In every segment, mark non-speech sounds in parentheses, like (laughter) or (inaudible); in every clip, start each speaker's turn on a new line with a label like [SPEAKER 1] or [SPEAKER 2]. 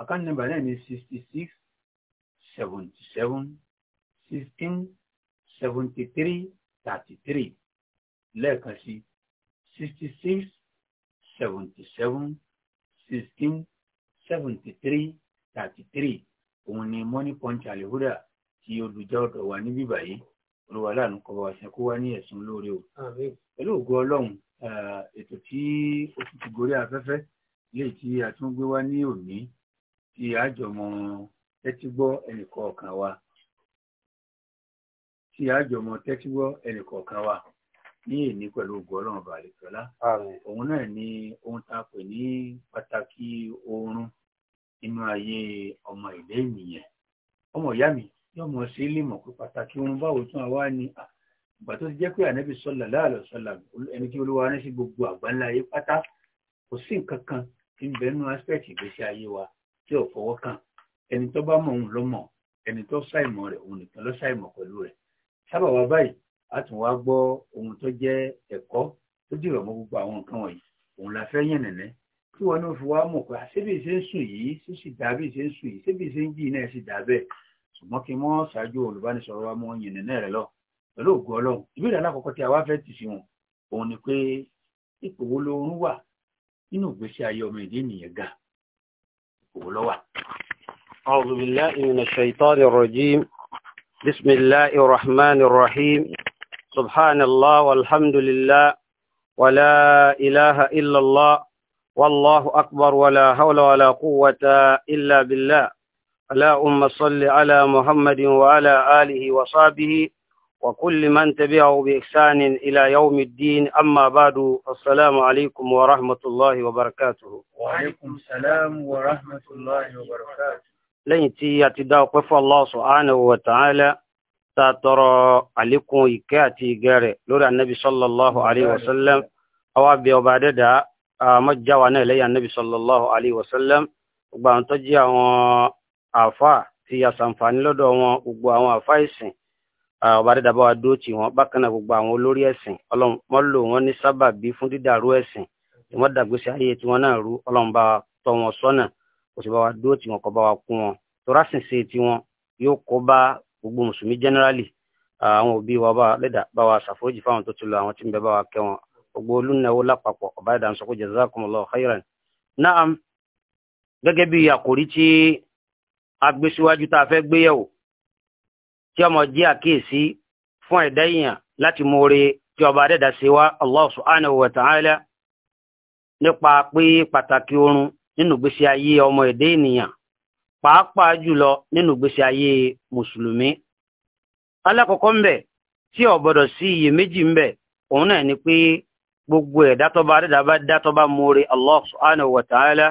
[SPEAKER 1] account number náà ni 66, 77, 16, 73, 33. seventy three thirty three lẹ́ẹ̀kan sí sixty six seventy seven sixteen òun ni money punch alihuda tí olùjẹ́ ọ̀dọ̀ wa níbí báyìí olùwà láàánú kọba wa sẹ́kó wá ní ẹ̀sùn lóore o. pẹ̀lú ògo ọlọ́run eh, ètò tí ó ti gorí afẹ́fẹ́ léyìí tí a tún gbé wá ní òní tí a jọ mọ tẹ́tí gbọ́ ẹnìkọ̀ọ̀kan wa tí a jọ mọ tẹ́tí gbọ́ ẹnìkọ̀ọ̀kan wa ní èní pẹ̀lú ògùn ọlọ́run bàlẹ̀tọ́lá òun náà ni ohun tá a pè ní pàtàkì oorun nínú ayé ọmọ ìlé ènìyàn ọmọ ìyá mi yóò mọ sí límọ̀ pé pàtàkì oorun báwo tún àwa ni ìgbà tó ti jẹ́ pé ànábì sọ́là láàlọ́ sọ́là ẹni tí olúwa rán sí gbogbo àgbáńlá ayé pátá kò sí nǹkan kan tí ń bẹnu aspect ìgbésí ayé wa tí ò fọwọ́ kàn ẹni tó bá mọ̀ òun ló mọ̀ ẹni tó ṣàìmọ̀ rẹ̀ òun nìkan ló ṣàìmọ̀ pẹ̀lú rẹ̀ sábà wá báyìí a tún wá gbọ́ ohun tó jẹ́ ẹ̀kọ́ tó dìrọ̀ mọ́ gbogbo àwọn nǹkan wọ̀nyí òun la fẹ́ yàn nẹ̀nẹ́ tí wọn náà fi wá mọ̀ pé àṣébì ṣe ń sùn yìí ṣé sì dà bí ṣe ń sùn yìí ṣébì ṣe ń jì náà sì dà ṣùgbọ́n kí wọ́n ṣáájú olùbánisọ̀rọ̀ wa mọ́ yìn nẹ̀nẹ́ rẹ̀ lọ pẹ̀lú ògùn ọlọ́run ìbéèrè alákọ̀ọ́kọ́ tí a wá fẹ́ tì sí wọn òun ni pé ipò wo lorun wà nínú ìgbésí ayé ọmọ ìdí ènìyàn gan
[SPEAKER 2] أعوذ بالله من الشيطان الرجيم بسم الله الرحمن الرحيم سبحان الله والحمد لله ولا إله إلا الله والله أكبر ولا حول ولا قوة إلا بالله اللهم صل على محمد وعلى آله وصحبه وكل من تبعه بإحسان إلى يوم الدين أما بعد السلام عليكم ورحمة الله وبركاته وعليكم
[SPEAKER 1] السلام ورحمة الله وبركاته
[SPEAKER 2] لين تي قف الله سبحانه وتعالى ترى عليكم إكاتي جاري. لولا النبي صلى الله عليه وسلم أو أبي وبعد دا مجاوانا إلي النبي صلى الله عليه وسلم وبعد تجي أفا تي يسنفاني لدو أفا يسن Ah, ọba dídá bá wa dúró tì wọ́n bákan náà gbogbo àwọn olórí ẹ̀sìn ọlọ́run wọ́n lò wọ́n ní sábàbí fún dídàrú ẹ̀sìn tí wọ́n dàgbèsè ayé tí wọ́n náà rú ọlọ́run bá tọ́ wọn sọ́nà kò sì bá wa dúró tì wọ́n kó bá wa kún wọn torá sì ṣe tí wọ́n yóò kó bá gbogbo mùsùlùmí generally ah, àwọn òbí wa bá lẹ́dà bá wa ṣàforíjì fáwọn tó ti lọ àwọn tí ń bẹ bá wa kẹ́ wọn gbogbo olùnáwó lápapọ̀ ọba dídá ń sọ pé jazakumullahu khairan naam gẹ́gẹ́ bí àkòrí tí agbésíwájú tá a fẹ́ gbéyẹ̀wò tí ọmọ jẹ́ àkíyèsí fún ẹ̀dá èèyàn láti mọ̀ọ́rẹ́ tí ọba adẹ́dà ṣe wá Allah subhanahu wa ta'ala nípa pé pàtàkì oorun nínú ìgbésí ayé ọmọ ẹ̀dá
[SPEAKER 3] ènìyàn pàápàá jùlọ nínú ìgbésí ayé mùsùlùmí. alákọ̀ọ́kọ́ ń bẹ̀ tí ó gbọ́dọ̀ sí iyèméjì ń bẹ̀ òun náà ni pé gbogbo ẹ̀dá tọ́ba adẹ́dà bá dá tọ́ba mọ̀ọ́rẹ́ Allah subhanahu wa ta'ala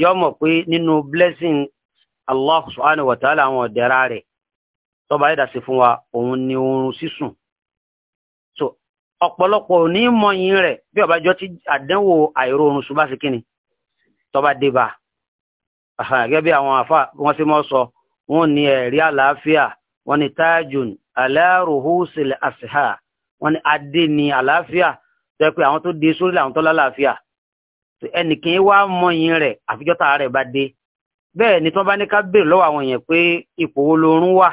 [SPEAKER 3] yọ pé nínú
[SPEAKER 2] blessing Allah subhanahu wa ta'ala àwọn ọ̀dẹ́ra rẹ̀ tọba ẹ̀dà sí fún wa òun ni oorun sísùn
[SPEAKER 3] so ọ̀pọ̀lọpọ̀ ò ní mọyìn rẹ̀ bí ọbàjọ́ tí àdánwò àìró oorun sùn bá sí kíni tọba dé bá bí àwọn àfa wọ́n sì mọ́ sọ wọ́n ní ẹ̀rí àlàáfíà wọ́n ní tajun aláàrùhúsìlì àṣìhà wọ́n ní adé ní àlàáfíà tó yẹ pé àwọn tó dé sórí làwọn tó lálàáfíà ẹnìkan wá mọyìn rẹ̀ àfijọ́ta rẹ̀ bá dé bẹ́ẹ̀ ni tí wọ́n bá ní ká béèrè lọ́wọ́ àwọn èèyàn pé ipò wo lorun wà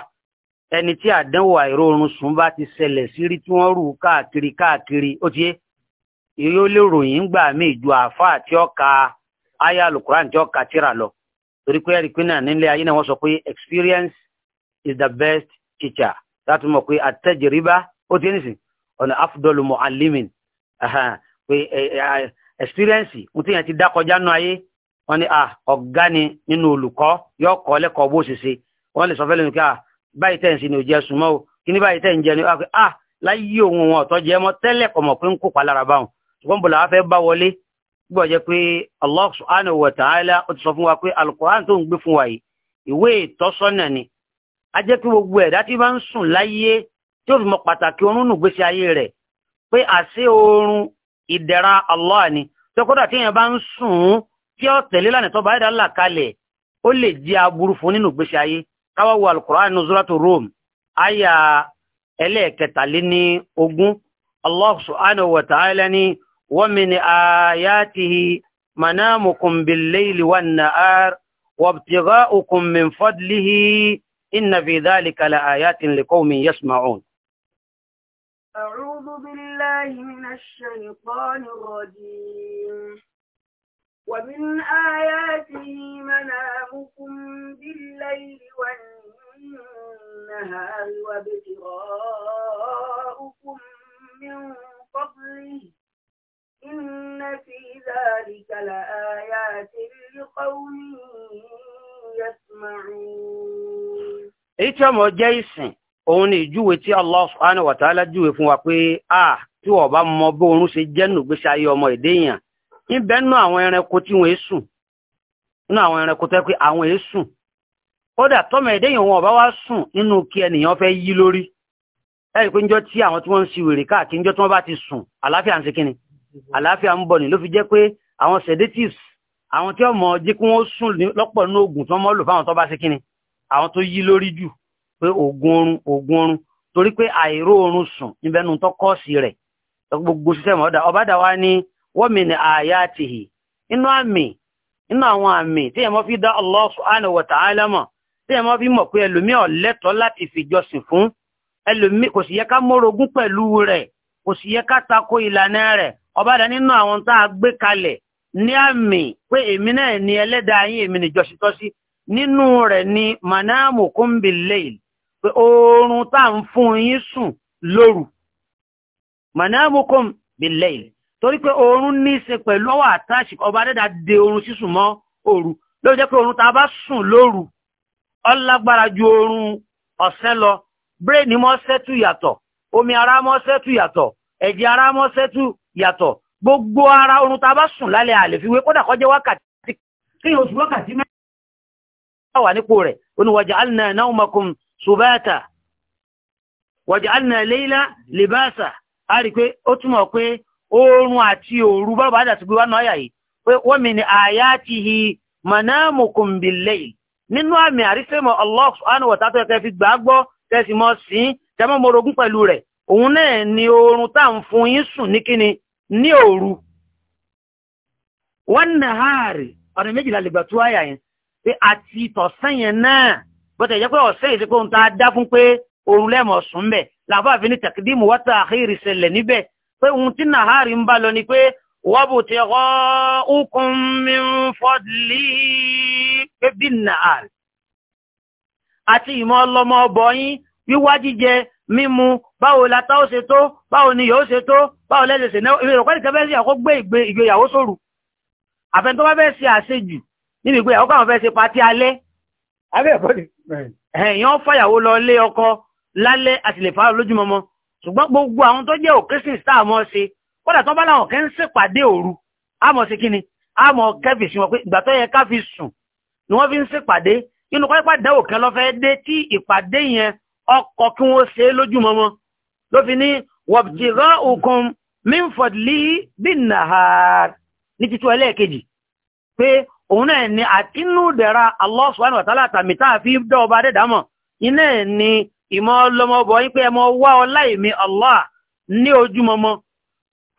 [SPEAKER 3] ẹni tí àdánwò àìróorun sùn bá ti ṣẹlẹ̀ sí tí wọ́n rù káàkiri káàkiri ó ti yé lè ròyìn ń gbà mí ka alukuran tí ka tíra lọ torí pé ẹ̀rí pé nílé ayé náà experience is the best teacher láti mọ̀ pé àtẹ̀jẹ̀ríbá ó ti ọ̀nà alimin pé experience mo ti yàn ti dá nù ayé wọ́n ní ah, ọ̀gá ni nínú olùkọ́ yóò kọ́ lẹ́kọ̀ọ́ bó ṣe ṣe wọ́n báyìí tẹ̀ ń sin ní òjẹ́ súnmọ́ o kí ní báyìí tẹ̀ ń jẹ ní wọ́n á pé ah láyé òun wọn ọ̀tọ́ jẹ́ mọ́ tẹ́lẹ̀ kọ̀mọ̀ pé ń kópa lára báwọn ṣùgbọ́n bọ̀lá wa fẹ́ bá wọlé gbọ́ jẹ́ pé Allah subhanahu wa ta'ala ó ti sọ fún wa pé alukoran tó ń gbé fún wa yìí ìwé ìtọ́sọ́nà ni a jẹ́ kí gbogbo ẹ̀dá tí bá ń sùn láyé tí ó fi mọ pàtàkì oorun nù gbésí ayé rẹ̀ pé àṣé oorun ìdẹ̀ra Allah ni tó kódà tí èèyàn bá ń sùn tí ó tẹ̀lé lánàá tó bá ẹ̀dá káwá wo alukur'an nuzulatu rum aya ẹlẹ́ẹ̀kẹtàléní ogún allah subhanahu wa ta'ala ni wa min ayatihi manamukum billayli wan nahar wabtigha'ukum min fadlihi inna fi dhalika la ayatin liqaumin yasma'un أعوذ بالله من الشيطان الرجيم ومن آياته منامكم بالليل والنهار وابتغاؤكم من فضله إن في ذلك لآيات لقوم يسمعون ìtí ọmọ jẹ́ ìsìn òun ni ìjúwe tí Allah subhanahu wa ta'ala júwe fún wa pé a ah, tí wọ́n mọ bó oorun ṣe jẹ́ nùgbésí ayé ọmọ ìdéyàn ibẹ̀ nú àwọn ẹranko tí wọ́n sùn nú àwọn ẹranko tó yẹ pé àwọn sùn kódà tọ́mọ ẹ̀dẹ́ yìí wọn ọba wá sùn nínú kí ẹnìyàn fẹ́ yí lórí ẹ̀rí pé njọ́ tí àwọn tí wọ́n ń si wèrè káàkiri njọ́ tí wọ́n bá ti sùn àláfíà ń ṣe kíni àláfíà ń bọ̀ ni ló fi jẹ́ pé àwọn sedatives àwọn tí ọmọ jẹ́ kí wọ́n sùn lọ́pọ̀ nínú oògùn tí wọ́n mọ́ lò fáwọn tó bá ṣe kíni àwọn tó yí lórí wọ́n mi ní àyàtìhì inú àmì inú àwọn àmì tí ẹmọ́ fi dá Allah subhanahu wa ta'ala mọ̀ tí ẹmọ́ fi mọ̀ pé ẹlòmí ọ̀lẹ́tọ̀ láti fi jọsìn fún ẹlòmí kò yẹ ká mórogún pẹ̀lú rẹ̀ náà ni ni oorun tá à ń fún yín sùn lóru torí pé oorun ní í ṣe pẹ̀lú ọwọ́ àtàṣì ọba dẹ́dà de oorun sísùn mọ́ òru lórí jẹ́ pé oorun tá a bá sùn lóru ọlágbára ju oorun ọ̀sán lọ bírèèdì mọ́ sẹ́tù yàtọ̀ omi ara mọ́ sẹ́tù yàtọ̀ ẹ̀jẹ̀ ara mọ́ sẹ́tù yàtọ̀ gbogbo ara oorun tá a bá sùn lálẹ́ àlè fi wé kódà kó jẹ́ wákàtí kí oṣù wákàtí mẹ́ta wà nípò rẹ̀ oníwàjà alìnà náwùmọ̀kùn subata wàjà alìnà léyìnlá libasa a rí pé ó túmọ̀ pé oorun àti òru bọ́lá bàdà tó gbé wá náà yà yìí pé wọ́n mi ni àyà ti hi manamukum bil-layl nínú àmì àrísẹ́mọ̀ Allah subhanahu wa ta'ala kẹfì gbàgbọ́ tẹ̀sí mọ́ sí tẹ́mọ́ morogún pẹ̀lú rẹ̀ òun náà ni oorun tá ń fún yín sùn ní kíni ní òru wọ́n nà áàrì ọ̀nà méjìlá lè gbà tó àyà yẹn pé àti tọ̀sán yẹn náà bọ́tẹ̀ jẹ́ pé ọ̀sẹ̀ yìí sí dá fún pé oorun lẹ́mọ̀ sùn bẹ̀ làbáàfin ní tàkídìmù wa ta'khir ṣẹlẹ̀ níbẹ̀ pé ohun tí nàhárì ń bá lọ ni pé wọ́bù ti rọ́ ukùn mi ń fọ́dìlì pé bí nàhárì àti ìmọ̀ ọlọ́mọ ọbọ̀ yín wíwá jíjẹ mímu báwo látá ó ṣe tó báwo ni yóò ṣe tó báwo lẹ́sẹ̀ ṣe náà ìròyìn òkúta fẹ́ sí àkó gbé ìgbé ìgbéyàwó sóru àfẹ́ntọ́ ẹ̀yàn fàyàwó lọ lé ọkọ lálẹ́ àtìlẹ́fà lójúmọmọ ṣùgbọ́n gbogbo àwọn tó jẹ́ occasions tá a mọ̀ ṣe kódà tó bá láwọn kẹ́ ń ṣèpàdé òru a mọ̀ sí kíni a mọ̀ kẹ́fì sí wọn pé ìgbà tó yẹ ká fi sùn ni wọ́n fi ń ṣèpàdé inú kọ́ ìpàdé òkè lọ́fẹ́ dé tí ìpàdé yẹn ọkọ̀ kí wọ́n ṣe lójúmọmọ ló fi ní wọ̀bjìgá òkun mímfọ̀dìlì bínnàhàr ní títú ẹlẹ́ẹ̀kejì pé òun náà ni àtinúdẹ̀ra Allah subhanahu wa ta'ala tàmítà fi dọ́ọba dẹ́dàmọ̀ iná ẹ̀ ni ìmọ̀ ọlọmọbọ̀ yí pé ẹmọ wá ọlá ìmí Allah ní ojúmọmọ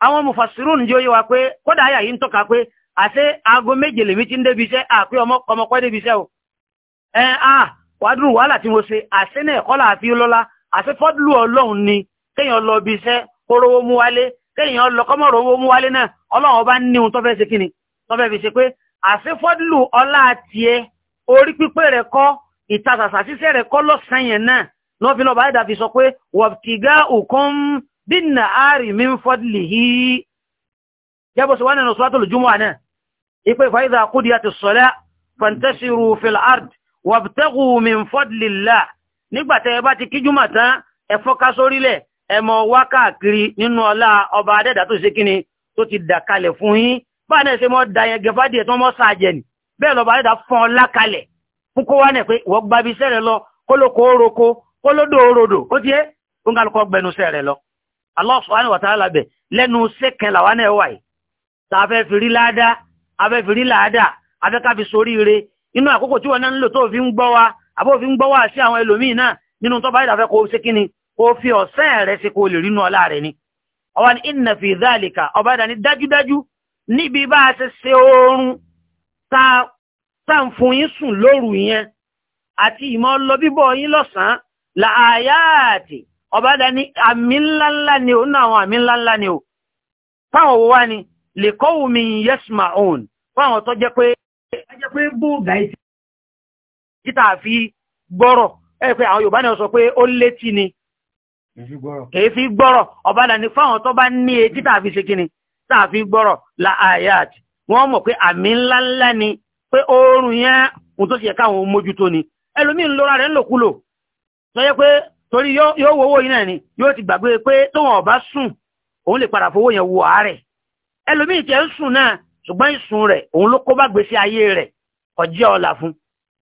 [SPEAKER 3] àwọn mufasirun jẹ́ oyé wa pé kódà àyà yìí ń tọ́ka pé àti aago méje ti ń à wàhálà tí mo ṣe àṣẹ náà kọ́là àfi lọ́lá àṣẹ fọ́dúlù ọlọ́run ni kéèyàn lọ bí iṣẹ́ mú wálé kéèyàn lọ kọ́mọ̀rọ̀ owó ní ohun tó fẹ́ ṣe kíni tó fẹ́ fi ṣe pé fọ́dúlù ọlá tiẹ̀ náà fi lọ báyìí dàfi sọ pé wọ̀tígá òkun bí nà áàrì mi ń fọ́dìlì hí jẹ́bọ̀ sí wọ́n nínú sọ́tò lójúmọ́ àná ipé fàíza kúdí àti sọ́lá fantasiru fil ard wọ̀btẹ́gù mi ń fọ́dìlì là nígbàtẹ́ ẹ bá ti kíjúmọ̀ tán ẹ fọ́ká sórílẹ̀ ẹ mọ wá káàkiri nínú ọlá ọba adẹ́dà tó ṣe kíni tó ti dà kalẹ̀ fún yín bá náà ṣe mọ́ da yẹn gẹ̀fádìẹ̀ tó mọ́ sàjẹ̀ nì bẹ́ẹ̀ lọ́ba adẹ́dà fọ́n ọlá kalẹ̀ fún kó wá náà pé wọ́n gbabi sẹ́rẹ̀ lọ kólókòó roko kólódò orodò ó ti yé oúnkàlùkọ́ gbẹnusẹ́ rẹ̀ lọ Allah subhanahu wa ta'ala bẹ̀ lẹ́nu sẹ́kẹ̀ làwọn náà wà yìí tá a fẹ́ fi rí láàdá a fẹ́ fi rí láàdá a fẹ́ ká fi sórí ire inú àkókò tí wọ́n náà ń lò tó fi ń gbọ́ wa àbó fi ń gbọ́ wa sí àwọn ẹlòmíì náà nínú tó bá yìí dàfẹ́ kó ṣe kíni kó fi ọ̀sẹ́ rẹ̀ sí kó lè rínú ọlá rẹ̀ ni ọwọ́ ni inna fi dhalika ọba ìdá ni dájúdájú níbi bá a ṣe ṣe oorun tá ń fún yín sùn lóru yẹn àti ìmọ̀ lọ yín lọ́sàn-án láàyàtì ọba dání àmì ńláńlá ni ó ní àwọn àmì ńláńlá ni ó fáwọn owó wá ni lè kọ́wù mi yẹ́sùmá òun fáwọn tó jẹ́ pé jẹ́ pé bóògà ìtì títà fi gbọ́rọ̀ ẹ pé àwọn Yorùbá náà sọ pé ó létí ni kèé fi gbọ́rọ̀ ọba dání fáwọn tó bá ní etí tà fi ṣe kíni tà fi gbọ́rọ̀ láàyàtì wọ́n mọ̀ pé àmì ńláńlá ni pé oorun yẹn ohun tó ṣe káwọn mójútó ni ẹlòmíín lóra rẹ̀ ń tó yẹ pé torí yóò wo owó yìí náà ni yóò ti gbàgbé pé tóun ọba sùn òun lè padà fowó yẹn wo àárẹ̀ ẹlòmíì tiẹ̀ ń sùn náà ṣùgbọ́n ìsùn rẹ̀ òun ló kó bá gbèsè ayé rẹ̀ ọjẹ́ ọ̀la fún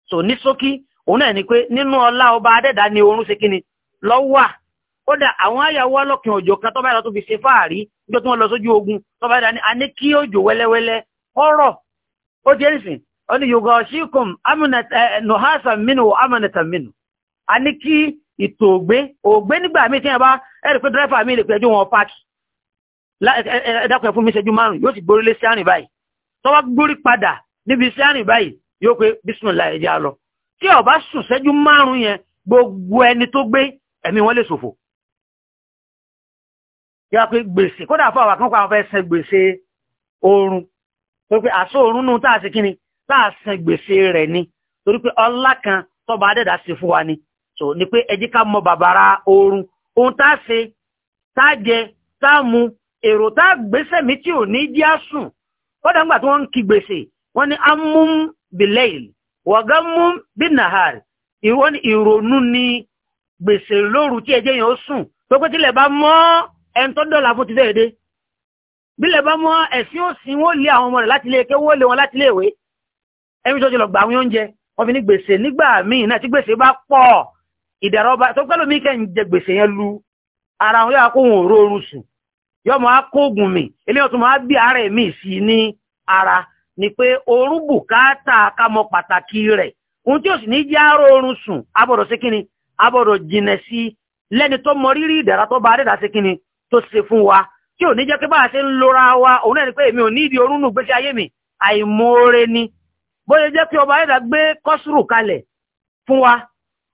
[SPEAKER 3] so ní sókí òun náà ni pé nínú ọlá ọba adẹ́dá ni oorun ṣe kíni lọ́wà kódà àwọn àyàwó ọlọ́kìn òjò kan tọ́ba ìlọ tó fi ṣe fáàrí tí wọ́n lọ sójú ogun tọ́ba ìdá ni a ní kí òjò wẹ́lẹ́wẹ́lẹ́ ọ̀rọ̀ ó jẹ́ ó ní yorùbá a ní kí ìtò ògbé ògbé nígbà míì tí yẹn bá ẹ̀rì pé dírẹ́fà mi lè pẹ́jú wọn páàkì ẹ̀dàkùn ẹ̀fún mi ṣẹ́jú márùn yóò sì gbórí lé sí àrìn báyìí tó bá gbórí padà níbi sí àrìn báyìí yóò pé bísímìlá ẹ̀jẹ̀ á lọ tí ó bá sùn ṣẹ́jú márùn yẹn gbogbo ẹni tó gbé ẹ̀mí wọn lè ṣòfò yá pé gbèsè kódà torí pé ọlá kan tọ́ba adẹ́dà ṣe fún wa ni so ni pé ẹjí ká mọ bàbára oorun ohun tá a ṣe tá a jẹ tá a mu èrò tá a gbèsè mi tí ò ní jí á sùn kódà ńgbà tí wọ́n ń kí gbèsè wọ́n ní amúm bilail wọ̀gámúm binahar ìwọ́n ní ìrònú ni gbèsè lóru tí ẹjẹ́ yẹn ó sùn tó pé tílẹ̀ bá mọ́ ẹni fún ti fẹ́ dé bílẹ̀ bá mọ́ ẹ̀sìn òsìn wọ́n lé àwọn ọmọ rẹ̀ láti ilé eke wọ́n lé wọn láti ilé ìwé ẹni tó ti lọ gbà àwọn oúnjẹ wọ́n fi ní gbèsè nígbà míì náà tí gbèsè bá pọ̀ ìdẹ̀rọba tó pẹ́lú mi jẹ gbèsè yẹn lu ara wọn yóò kó wọn òró oorun sùn yóò máa kó mi eléyìí tó máa bí ara mi sí ní ara ni pé oorun bùkátà pàtàkì rẹ̀ ohun tí ó sì ní jẹ́ àárò sùn abọ̀dọ̀ sí kíni abọ̀dọ̀ jìnà sí lẹ́ni tó mọ rírí tó bá sí fún wa ò ní jẹ́ a ṣe ń lora wa òun náà ni pé èmi ò ní mi àìmoore ni jẹ́ kí ọba kọ́sùrù kalẹ̀ fún wa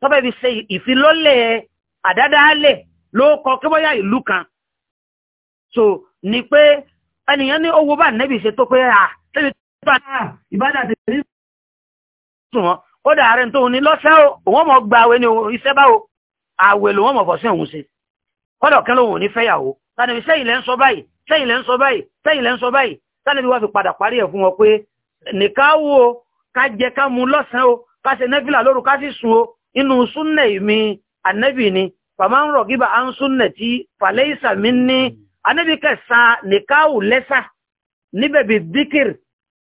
[SPEAKER 3] tọ́bẹ̀ fi ṣe ìfilọ́lẹ̀ àdádálẹ̀ ló kọ kí bọ́yá ìlú kan so ni pé ẹnìyàn ní owó bá nẹ́bì ṣe tó pé à tẹ́lẹ̀ tó bá ìbádà ti rí sùn wọn ó dà rẹ̀ tó ní lọ́sẹ̀ òun mọ̀ gba àwẹ̀ ní iṣẹ́ báwo àwẹ̀ lòun mọ̀ fọ́sẹ̀ òun ṣe kọ́dọ̀ kẹ́ lòun ò ní fẹ́yàwó tàbí sẹ́yìn lẹ́ ń sọ báyìí sẹ́yìn lẹ́ ń sọ báyìí sẹ́yìn lẹ́ ń sọ báyìí tàbí wá fi padà parí ẹ̀ fún wọn pé nìkan wo ká jẹ ká mu lọ́sàn o ká ṣe nẹ́fìlà lóru ká sì sùn o inú súnnà mi ànábì ni fàmá ń rọ̀ gíbà á ń súnnà tí fàlẹ́ìsà mi ní ànábì kẹsà nìkáwù lẹ́sà níbẹ̀ bí díkìr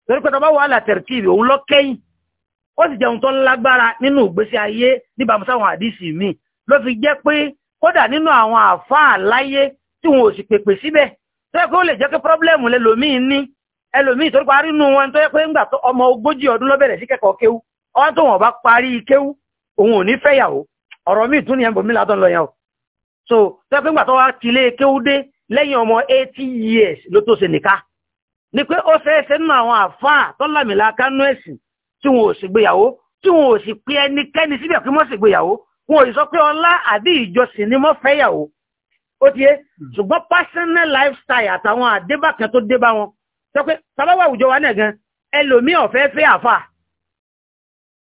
[SPEAKER 3] torí pé tọba wàhálà tẹ̀rẹ̀tìbì òun lọ kẹ́yìn ó sì jẹun tó lágbára nínú ìgbésí ayé níbàámu sáwọn àdìsí mi ló fi jẹ́ pé kódà nínú àwọn àfáà láyé tí wọn ò sì pèpè síbẹ̀ tó yẹ kó lè jẹ́ pé pọ́blẹ́mù lẹ́lòmíì ní ẹlòmíì tó parí nù wọn tó yẹ pé ńgbà ọmọ ogójì ọdún ló bẹ̀rẹ̀ sí kẹ́kọ̀ọ́ kéwú ọwọ́ tó wọn bá parí kéwú òun ò ní fẹ́yàwó ọ̀rọ̀ míì tún ní ẹ̀bùn mi látọ̀ lọ yẹn o so tẹ́ pé gbàtọ́ wa tilé kéwúdé lẹ́yìn ọmọ eighty years ló tó ṣe nìka ni pé ó fẹ́ ṣe nínú àwọn àfáà tọ́lámìlà kánú ẹ̀sìn tí wọn ò sì gbéyàwó tí wọn ò sì pé ẹnikẹ́ni síbẹ̀ pé wọ́n sì gbéyàwó wọn ò sì sọ pé ọlá àbí ìjọsìn ni wọ́n fẹ́yàwó ó ti yé hmm. ṣùgbọ́n personal lifestyle àtàwọn àdébàkan tó dé bá wọn sọ pé sábàwọ̀ àwùjọ wa náà gan ẹlòmíì ọ̀fẹ́ fẹ́ àfáà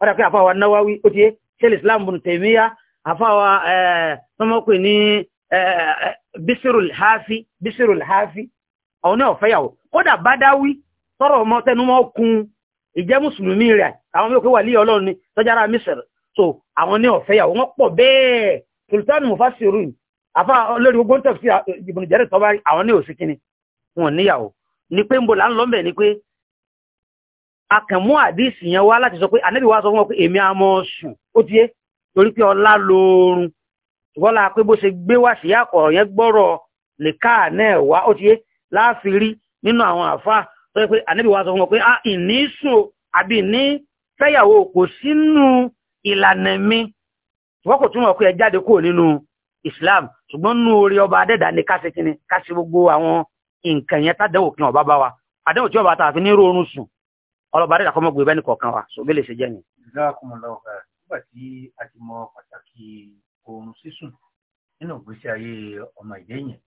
[SPEAKER 3] wọ́n pé àfáwà náwáwí ó ti yé islam bùn tèmíyà àfáwà tọmọkùn ní bísírùlháfí bísírùlháfí àwọn náà fẹ́yàwó kódà badawi tọrọ ọmọ ìjẹ́ mùsùlùmí rẹ̀ àwọn mẹ́kọ̀ọ́ wà líyà ọlọ́run ní tọ́jára mísẹ̀rẹ̀ so àwọn náà fẹ́yàwó wọ́n pọ̀ bẹ́ẹ̀ sultan mufasiru àfá olórí ogun tẹ̀sí ìbùnújẹ́rẹ̀ tọ́ba àwọn ni pé ń bọ̀ akànmú àdísì yẹn wá láti sọ pé ànábì wá sọ fún ọ pé èmi a mọ́ sùn ó ti yé torí pé ọlá lóorun ṣùgbọ́n la pé bó ṣe gbé wá sí àkọ̀rọ̀ yẹn gbọ́rọ̀ lè káà wá ó ti láàfin rí nínú àwọn àfa tó yẹ pé ànábì wá sọ fún ọ pé ah ìní sùn àbí ìní fẹ́yàwó kò sínú ìlànà mi ṣùgbọ́n kò túmọ̀ pé ẹ jáde kúrò nínú Islam ṣùgbọ́n nínú orí ọba adẹ́dà ni káṣe kíni káṣe gbogbo àwọn nǹkan yẹn tádẹ́wò kí wọn bá bá wa àdẹ́wò tí wọn bá ta àfi ní rọrùn sùn ọlọ́ba rẹ̀ kọ́ mọ́ gbé kọ̀ọ̀kan wa so lè ṣe jẹ́ ni.
[SPEAKER 1] ìdáàkùnmọ̀lá ọ̀gá nígbà tí a ti mọ pàtàkì oorun sísùn nínú ìgbésí ayé ọmọ ìdẹ́yìn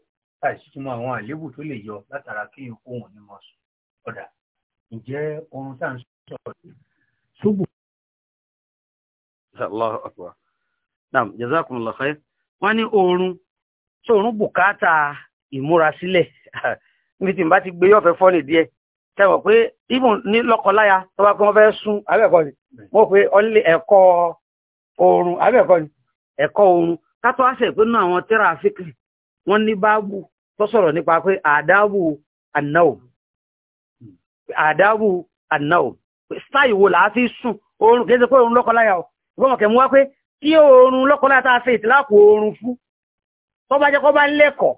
[SPEAKER 1] láìsí túmọ̀ àwọn àléébù tó lè yọ látara kí n kóhùn ní mọ̀ sùn ọ̀dà ǹjẹ́ oorun tá à ń sọ̀rọ̀
[SPEAKER 2] ṣùgbọ́n.
[SPEAKER 3] Allahu akbar. Naam, jazakumullahu khair. ní oorun tó oorun bùkátà ìmúrasílẹ̀ (laughs) níbi tí n bá ti gbé yọ̀fẹ́ fọ́ọ̀nì díẹ̀ tẹ́wọ̀ pé even ní lọ́kọláya tó bá pé wọ́n fẹ́ sún abẹ́ẹ̀kọ́ ni wọ́n pe ọlẹ́ ẹ̀kọ́ oorun abẹ́ẹ̀kọ́ ni ẹ̀kọ́ oorun kátó àṣẹ ìpinnu àwọn tírafíkì wọ́n ní báàbù tó sọ̀rọ̀ nípa pé àdábù ànáwò àdábù ànáwò stáì wo làá fi sùn oorun kìí ṣe pé oorun lọ́kọláya o ìfọ́n kẹ̀ mú wá pé kí oorun lọ́kọláya tá a ṣe ìtìláàpù oorun fún tó bá jẹ́ kó bá lẹ́kọ̀ọ́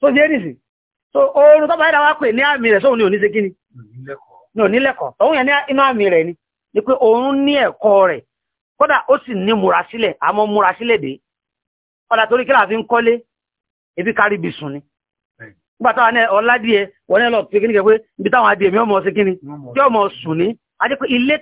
[SPEAKER 3] tó jẹ́ nìsín so oorun tó bá wá pè ní àmì rẹ̀ sóhun ni ní ṣe kí ní tọ́hun yẹn ní inú àmì rẹ̀ ni ni pé oorun ní ẹ̀kọ́ rẹ̀ kódà ó sì ní múra sílẹ̀ àmọ́ dé torí kílà fi ń ebi kárí suni sùn ni nígbà táwọn ní ní ibi táwọn adìẹ mi ọmọ ọmọ sùn ni a pé ilé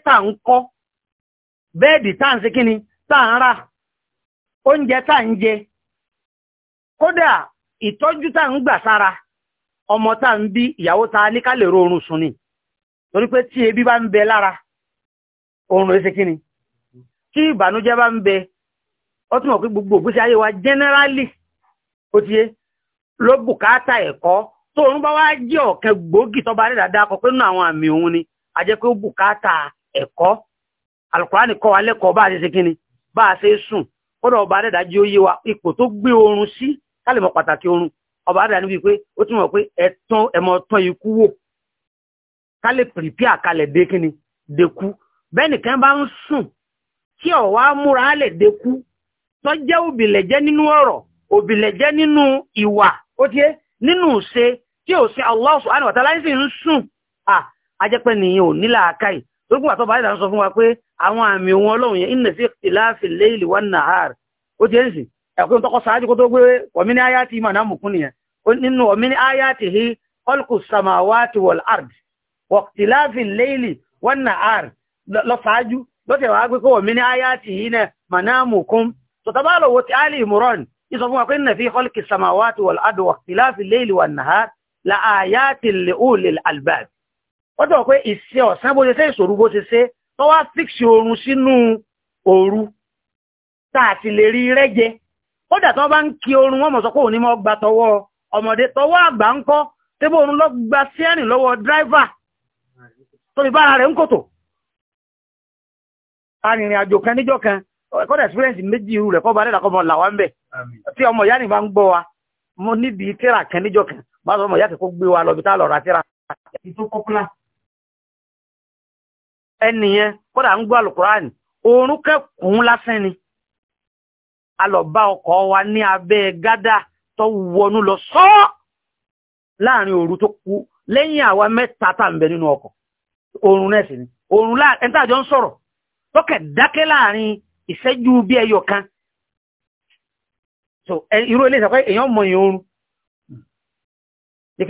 [SPEAKER 3] ń ń ọmọ tá ń bí ìyàwó ta ní ká lè ro oorun sùn ni torí pé tí ebi bá ń bẹ lára oorun ẹsẹ kí ni tí ìbànújẹ́ bá ń bẹ ó túnmọ̀ pé gbogbo ògbésí ayé wa generally ó ti yé ló bùkátà ẹ̀kọ́ tó oorun bá wá jẹ́ ọ̀kan gbòógì tó bá rí dáadáa kọ pé nínú àwọn àmì òun ni a jẹ́ pé ó bùkátà ẹ̀kọ́ alukurani kọ́ wa lẹ́kọ̀ọ́ bá a ṣe ṣe kíni bá a ṣe sùn kódà ọba adẹ́dájú ó yé wa ipò tó gbé oorun sí ká lè mọ pàtàkì oorun ọba adà níbi pé o túnmọ̀ pé ẹ̀tàn ẹmọ tán ikú wò ká lè pìrìpì àkàlẹ̀ dé kíni dekú bẹ́ẹ̀ bá ń sùn tí ọ̀wá múra lè dekú tó jẹ́ nínú ọ̀rọ̀ òbìlẹ̀jẹ́ nínú ìwà o tiẹ̀ nínú ṣe tí Allah sì ń sùn nìyẹn ò nílà tó tó bá sọ fún wa pé àwọn àmì wọn ọlọ́run yẹn o sì ẹ̀kún tọ́kọ́ sáájú kó tó gbé ọmí ní ayáti ìmọ̀ náà mùkún nìyẹn nínú ọmí ní ayáti hí ọlùkù samawati wal ard wọ̀tíláàfin léèlì wọ́n na ar lọ sáájú lọ́tẹ̀ wá gbé kó ọmí ní ayáti hí náà náà mùkún tó tabá lọ wo ti ali imran ìsọ fún akọ́ ìnàfi ọlùkù samawati wal ard wọ̀tíláàfin léèlì wọ́n na ar la ayáti lè ó lè albab ó dọ̀ pé ìṣe ọ̀sán bó ṣe ṣe ìṣòro bó ṣe ṣe tó fíksì oorun sínú òru tá ti lè rí rẹ́jẹ kódà tó bá ń kí oorun wọn mọ̀ sọ pé òní mọ́ gba tọwọ́ ọmọdé tọwọ́ àgbà ń kọ́ tébò òun lọ gba sẹ́rìn lọ́wọ́ dráìvà tóbi bára rẹ̀ ń kòtò arìnrìn àjò kan níjọ́ kan kódà experience méjì irú rẹ̀ kọ́ bá dẹ́dàkọ́ mọ́ làwọn ń bẹ̀ tí ọmọ ìyá ń gbọ́ wa mo níbi tíra kan níjọ́ kan bá sọ ọmọ ìyá kẹ́kọ́ gbé wa lọ bí tá lọ ra tíra ẹnìyẹn kódà ń gbọ́ alọba ọkọ wa ní abẹ́ gádà tó wọnú lọ sọ láàrin òru tó kú lẹ́yìn àwa mẹ́ta tà nínú ọkọ̀ oorun náà sì ni oorun ẹni tàjọ ń sọ̀rọ̀ tọ́kẹ̀ dákẹ́ láàrin ìṣẹ́jú bí ẹyọ so irú ilé èèyàn mọ ìyẹn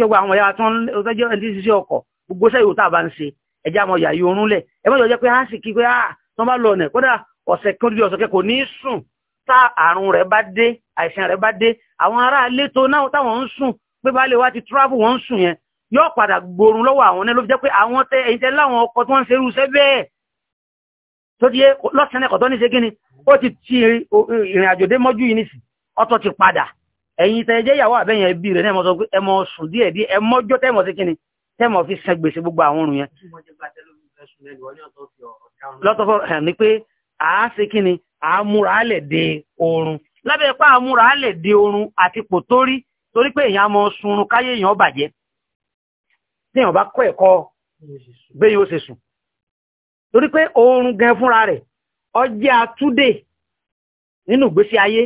[SPEAKER 3] oorun àwọn tó ń ẹni tí ọkọ̀ gbogbo bá ń ṣe ẹjá oorun lẹ̀ ẹ jẹ́ pé a sì kí tá àrùn rẹ̀ bá dé àìsàn rẹ̀ bá dé àwọn ará aléto náà táwọn ń sùn pé bá lè wá ti travel wọ́n ń sùn yẹn yóò padà gbòòrùn lọ́wọ́ àwọn náà ló fi jẹ́ pé àwọn tẹ ẹ̀yìn tẹ láwọn ọkọ̀ tí wọ́n ń ṣerú iṣẹ́ bẹ́ẹ̀ tó ti yé lọ́sàn-án ẹ̀kọ́ tó ní ṣe kíni ó ti ti ìrìn àjò dé mọ́jú yìí nìsí ọtọ̀ ti padà ẹ̀yìn tẹ jẹ́ ìyàwó àbẹ́yẹn ẹbí rẹ̀ náà ẹ mọ sùn díẹ̀ díẹ̀ ẹ mọ́jọ́ tẹ́mọ̀ sí kíni tẹ́mọ̀ fi san gbèsè gbogbo àwọn òrùn yẹn lọ́tọ̀ fọ́ ni pé àá ṣe kíni àmúralẹ̀ de oorun lábẹ́ pé àmúralẹ̀ de oorun àti pò torí torí pé èèyàn mọ sunrun káyé èèyàn bàjẹ́ tí èèyàn bá kọ́ ẹ̀kọ́ bẹ́yìn ó ṣe sùn torí pé oorun gan fúnra rẹ̀ ọjẹ́ àtúndè nínú ìgbésí ayé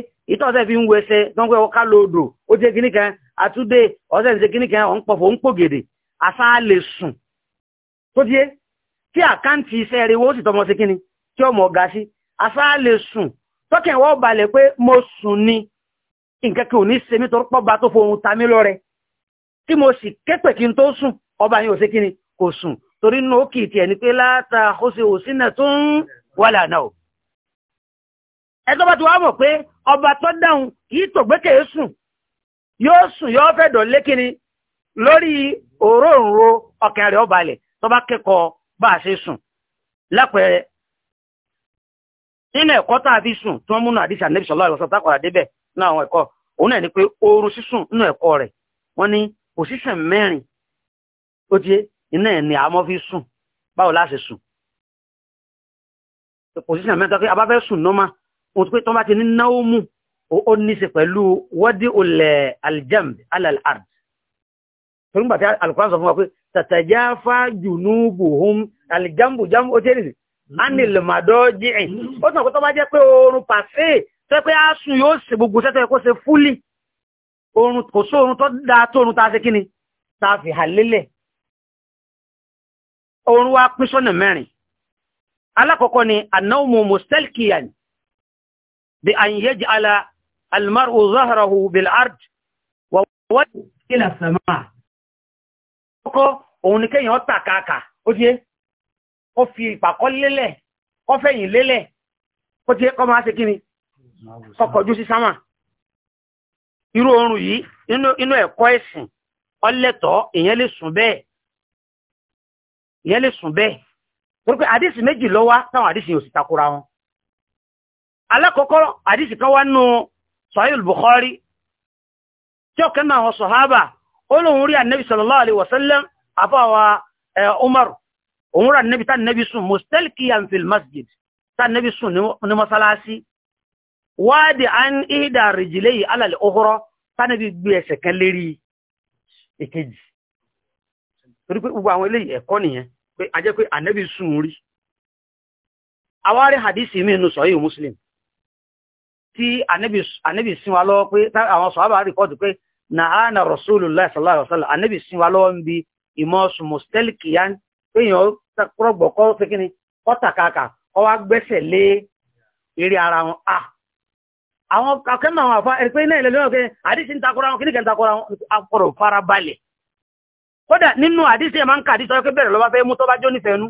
[SPEAKER 3] fi ń wẹsẹ̀ ọká ó ọ̀sẹ̀ ń ṣe pọ̀fọ̀ ń pògèdè àṣà lè sùn tó tí àkáǹtì iṣẹ́ rẹ̀ tọmọ sí kíní afá lè sùn tọ́kẹ̀ wọ́n balẹ̀ pé mo sùn ni nǹkan kí ò ní ṣe mí torí pọ́ba tó fohun ta mí lọ́rẹ tí mo sì képè kí n tó sùn ọba yìí ò sí kíni kò sùn torí nínú òkè tiẹ̀ ni pé láta ó ṣe òsínà tó ń wà lànà o ẹjọ́ bá ti wá mọ̀ pé ọba tó dáhùn kì í tògbékèé sùn yóò sùn yóò fẹ́ dọ̀lé kíni lórí òróǹro ọkàn rẹ̀ ọbalẹ̀ tó bá kẹ́kọ̀ọ́ bá a ṣe sùn lápẹẹrẹ nínú ẹ̀kọ́ tá a fi sùn tí wọ́n múnú àdìsí ànẹ́bí sọ̀lá ìwọ̀sán tákọ̀rà débẹ̀ ní àwọn ẹ̀kọ́ òun náà ni pé oorun sísùn nínú ẹ̀kọ́ rẹ̀ wọ́n ní òṣìṣàn mẹ́rin ó tiẹ̀ iná ẹ̀ ni àmọ́ fi sùn báwo láṣẹ sùn òṣìṣàn mẹ́rin tó kí abáfẹ́ sùn nọ́mà òun ti pé tó ti ní náwó mú ó ní ṣe pẹ̀lú wọ́dí olè aljamb alalard torí gbàtí alukóran sọ fún wa pé tàtàjáfá jùnúbùhùn aljambu anilmadọ́jìí ó tàn kó tó bá jẹ́ pé oorun pàṣẹ tẹ́ pé áṣù yóò ṣe gbogbo sẹ́tọ̀ kó ṣe fúlì oorun kò sóorun tó dáa tó oorun ta ṣe kíni ta fi hà oorun wa pín sọ́nà mẹ́rin alákọ̀ọ́kọ́ ni anáwó mustelkian bí an yaj'ala almaru zahrahu bil ard wa wajhu ila samaa kọ́kọ́ òun ni kéèyàn tàkàkà ó ti yé kó fi ìpàkọ́ lélẹ̀ kó fẹ̀yìn lélẹ̀ kó ti kọ́ máa ṣe kí ni kọkọ̀jú sí sámà irú oorun yìí inú ẹ̀kọ́ ẹ̀sìn ọlẹ́tọ̀ ìyẹn lè sùn bẹ́ẹ̀ ìyẹn lè sùn bẹ́ẹ̀ torí pé àdìsí méjì ló wà táwọn àdìsí yóò sì takora wọn alákọ̀ọ́kọ́ àdìsí kan wá nù Sahih Bukhari tí ọ̀kan náà wọn sọ̀hábà ó lóun rí ànábì sallallahu alaihi wasallam àfọwà eh, Umar òun rà nẹ́bi tá nẹ́bi mustalkiyan fil masjid tá nẹ́bi an ìdà rìjìlẹ̀ yìí ala ọ̀họ́rọ́ tá nẹ́bi gbé ẹsẹ̀ kan lérí ikeji torí pé gbogbo àwọn eléyìí ẹ̀kọ́ nìyẹn pé a jẹ́ hadisi mi nù sọ́yìn muslim tí ànẹ́bi sin wa lọ́wọ́ pé àwọn sọ̀hábà rìpọ́tù rasulullah sallallahu alaihi bi kéèyàn rọ̀gbọ̀ kọ́ ṣe kíni kọ́ tàkàkà kọ́ wá gbẹ́sẹ̀ lé eré ara wọn a àwọn akẹ́mọ̀ àwọn àfa ẹ̀rí pé iná ilẹ̀ lóyún kẹ́yìn àdìsí ń takora wọn kíníkẹ́ ń takora wọn akọ̀rọ̀ fara balẹ̀ kódà nínú àdìsí ẹ̀ máa ń ka àdìsí ọ̀kẹ́ bẹ̀rẹ̀ lọ́ba fẹ́ mú tọ́ba jó nífẹ̀ẹ́ nu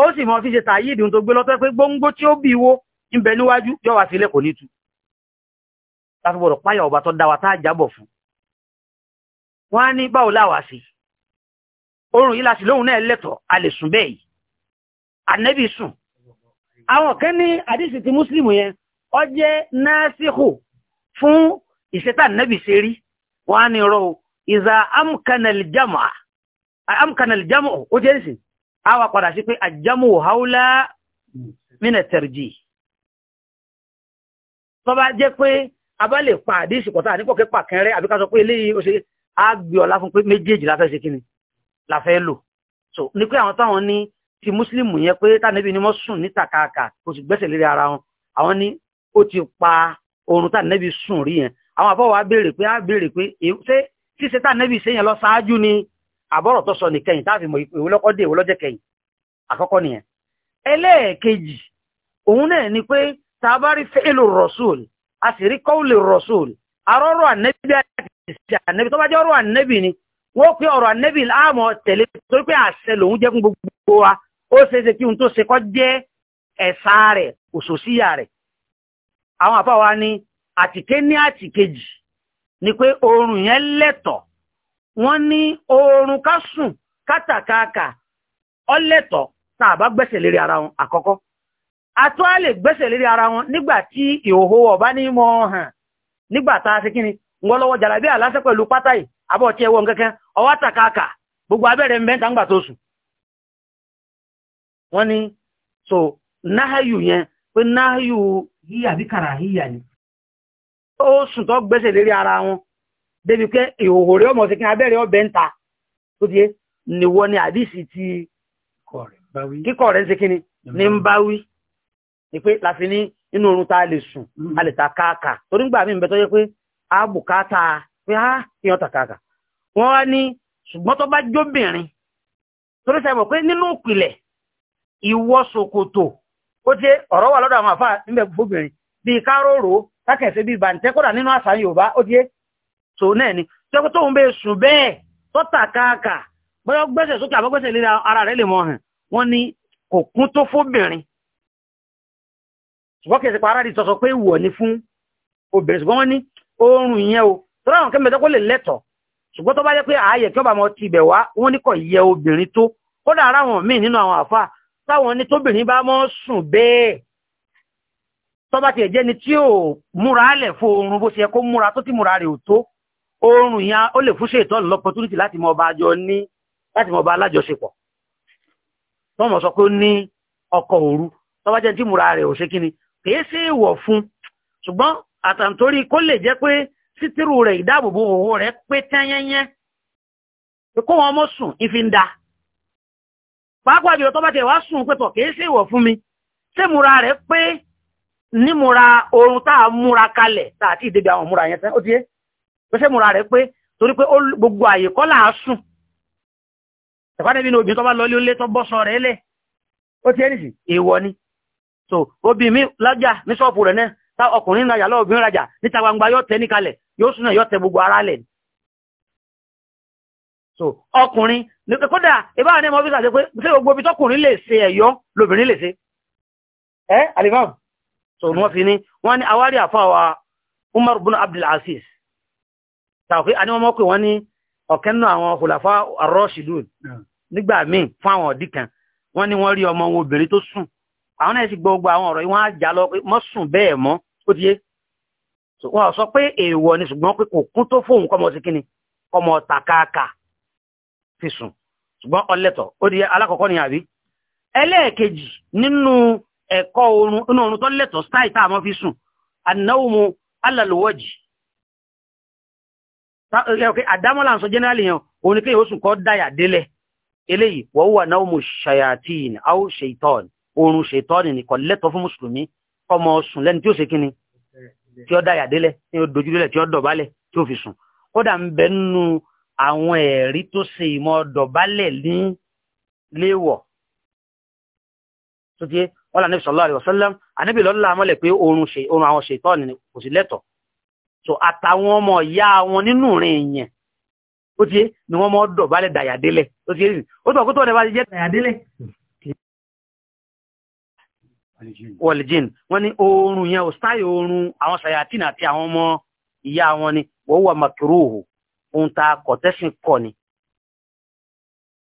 [SPEAKER 3] ó sì mọ fi ṣe tààyè ìdùn tó gbé lọ́tọ́ pé gbóngbó tí ó bì wo ń bẹ níwájú yóò wá sílẹ̀ kò ní tu láti gbọdọ̀ páyà ọba tó dá wa tá a jábọ̀ fún wọn á ní báwo láwa sí oorun yìí láti lóhun náà lẹ́tọ̀ọ́ a lè sùn bẹ́ẹ̀ yìí ànẹ́bì sùn àwọn kan ní àdíṣì ti múslìmù yẹn ọ jẹ́ násíhù fún ìṣẹ́tà ànẹ́bì ṣe rí wọ́n á ní rọ ìzà amkanaljamo ó jẹ́ ìsìn àwà padà sí pé àjámù haúlá mínà tó bá jẹ́ pé abá lè pa àdíṣì pọ̀tà nípọ̀kẹ́ pàkẹ́rẹ́ àbíkásọ pé eléyìí ó ṣe á gbé ọlá fún pé méjèèjì láfẹ́ ṣe la fẹ́ lò so ní pé àwọn táwọn ní ti múslímù yẹn pé tànẹ́bí ni wọ́n sùn ní tàkàkà kò sì gbẹ́sẹ̀ lérí ara wọn àwọn ní ó ti pa oorun tànẹ́bí sùn rí yẹn àwọn àbọ̀wọ̀ á béèrè pé á béèrè pé ṣé ṣíṣe tànẹ́bí ṣe yẹn lọ ṣáájú ni àbọ̀rọ̀ tó sọ nìkẹyìn táàfin mọ̀ ìpè olókọ́ dé olójẹ́ kẹyìn àkọ́kọ́ nìyẹn ẹlẹ́ẹ̀kejì òun náà ni pé tàbárí fẹ́ẹ̀lù rọ̀sùl a sì rí arọ́rọ̀ ànẹ́bí àti ìṣẹ́ ànẹ́bí tó bá jẹ́ ọ̀rọ̀ ànẹ́bí ni wọ́n pe ọ̀rọ̀ anẹ́bì láàmọ̀ tẹ̀lé torí pé àṣẹ gbogbo wa ó ṣeéṣe kí n tó ṣe jẹ́ rẹ̀ rẹ̀ àwọn àpá wa ní àtìké ní àtìkejì ni pé oorun yẹn lẹ́tọ̀ wọ́n ní oorun ká sùn kátàkàkà ọlẹ́tọ̀ tá a bá gbẹ́sẹ̀ ara wọn àkọ́kọ́ lè gbẹ́sẹ̀ lérí ara wọn nígbà tí ìhòhò ọ̀bá ní hàn nígbà tá abụọchị tí ẹwọ́ nkẹ́kẹ́ ọwọ́ àtàkàkà gbogbo abẹ́rẹ́ mbenta ń o tó sùn wọ́n ní so náhàyù yẹn pé náhàyù yíyà bí kàrà ni ó sùn tó lérí ara wọn débi pé ìhòhò rẹ̀ ọmọ síkín abẹ́rẹ́ ọbẹ̀ ń ta tó di ni àdìsí ti kíkọ̀ rẹ̀ ni ní ni pé láfi ní inú oorun lè sùn a lè ta káàkà torí ń gbà mí pé á ìyàn tàkàkà wọ́n wá ní ṣùgbọ́n tó bá jóbìnrin torí sẹ́mọ̀ pé nínú ìpìlẹ̀ ìwọ ṣòkòtò ó jẹ́ ọ̀rọ̀ wà lọ́dọ̀ àwọn àfáà níbẹ̀ gbóbìnrin bíi káróró kákẹ̀ẹ́sẹ́ bíi bàǹtẹ́ nínú àṣà Yorùbá ó jẹ́ tó náà ni tó pé tóun bẹ́ẹ̀ sùn bẹ́ẹ̀ tó tàkàkà bóyá gbẹ́sẹ̀ sókè àbọ́gbẹ́sẹ̀ lé ara rẹ̀ lè mọ hàn wọ́n ní kò kún tó fóbìnrin ṣùgbọ́n tó ráwọn kẹ́mẹ̀ tó kó lè lẹ́tọ̀ ṣùgbọ́n tó bá jẹ́ pé ààyè kí ọba mọ́ ti bẹ̀ wá wọ́n ní kò yẹ obìnrin tó kódà ara míì nínú àwọn àfà táwọn ní tóbìnrin bá mọ́ sùn bẹ́ẹ̀ tó bá tiẹ̀ ni tí ò múra lẹ̀ fún oorun bó ṣe yẹ kó múra tó ti múra rẹ̀ ò tó oorun yẹn ó lè fún ṣètò lọ́pọ̀túnìtì láti mọ ọba àjọ ní láti mọ ọba alájọṣepọ̀ tó sọ pé ó ní ọkọ̀ òru tó jẹ́ tí múra rẹ̀ ò ṣe kíni kìí sí ìwọ̀ fún ṣùgbọ́n àtàntorí kó lè jẹ́ pé sítírù rẹ̀ ìdáàbòbò òwò rẹ̀ pé tẹ́yẹ́yẹ́ pé kó wọn mọ́ sùn ìfi ń da pàápàá jùlọ tó bá tẹ̀ wá sùn pé kìí fún mi ṣé múra pé nímúra oorun tá a múra kalẹ̀ tá a ti débi àwọn múra yẹn tán ó ti pé ṣé múra rẹ̀ pé torí gbogbo àyè kọ́ là á sùn ní obìnrin tó bá tó rẹ̀ lẹ̀ ó mi ní ṣọ́ọ̀pù rẹ̀ náà ọkùnrin rajà rajà níta yóò súnà yóò tẹ gbogbo ara lẹ̀ so ọkùnrin kódà ìbára ní ọmọ ọ́fíìsì àti pé ṣé gbogbo ibi tọkùnrin lè ṣe ẹ̀yọ́ lóbìnrin lè ṣe ẹ́ àlìfáàmù so ni wọ́n fi ní wọ́n ní àwárí àfáwà Umar bin Abdul Aziz tàbí a ní wọ́n mọ́kù wọ́n ní ọ̀kẹ́ nínú àwọn hùlàfà ar-Rashidun hmm. nígbà míì fún àwọn ọ̀dí kan wọ́n ní wọ́n rí ọmọ obìnrin tó sùn àwọn náà sì gbogbo àwọn ọ̀rọ̀ yìí wọ́n á jà lọ pé sùn bẹ́ẹ̀ mọ́ ó ti yé wọ́n sọ pé èèwọ̀ ni ṣùgbọ́n pé kò kún tó fóun kọ́mọ sí kíni kọ́mọ tàkàkà fi sùn ṣùgbọ́n ọlẹ́tọ̀ ó di alákọ̀ọ́kọ́ ni àbí ẹlẹ́ẹ̀kejì nínú ẹ̀kọ́ oorun inú oorun tó lẹ́tọ̀ stáì tá a mọ́ fi sùn anáwòmù alàlùwọ́jì àdámọ́lá ń sọ jẹ́nẹ́rálì yẹn òun ni kéèyàn ó sùn kọ́ dáyà délẹ̀ eléyìí wọ́n wà náwòmù ṣayatin au ṣètọ́n oorun ṣètọ́n ni kò lẹ́tọ̀ fún mùsùlùmí kọ́mọ sùn lẹ́ni tí ó dáyà délẹ̀ tí ó dojú délẹ̀ tí ó dọ̀bálẹ̀ tí ó fi sùn kódà ń bẹ nínú àwọn ẹ̀rí tó ṣe ìmọ̀ dọ̀bálẹ̀ ní léwọ̀ tó ti wọ́n là níbi sallallahu alaihi wasallam àníbi lọ́la mọ́lẹ̀ pé oorun àwọn ṣètọ́ ni kò sí lẹ́tọ̀ so àtàwọn ọmọ ìyá wọn nínú rìn èèyàn ó ti ni wọ́n mọ́ dọ̀bálẹ̀ dàyà délẹ̀ ó ti ó tọ̀ kó tó ọ̀nà bá ti jẹ́ dàyà délẹ̀ wọ̀lìjìn wọ́n ní oorun yẹn ò sáyé oorun àwọn sayatin àti àwọn ọmọ ìyá wọn ni wọ́n wà makiruhu ohun ta kọ̀tẹ́sìn kọ̀ ni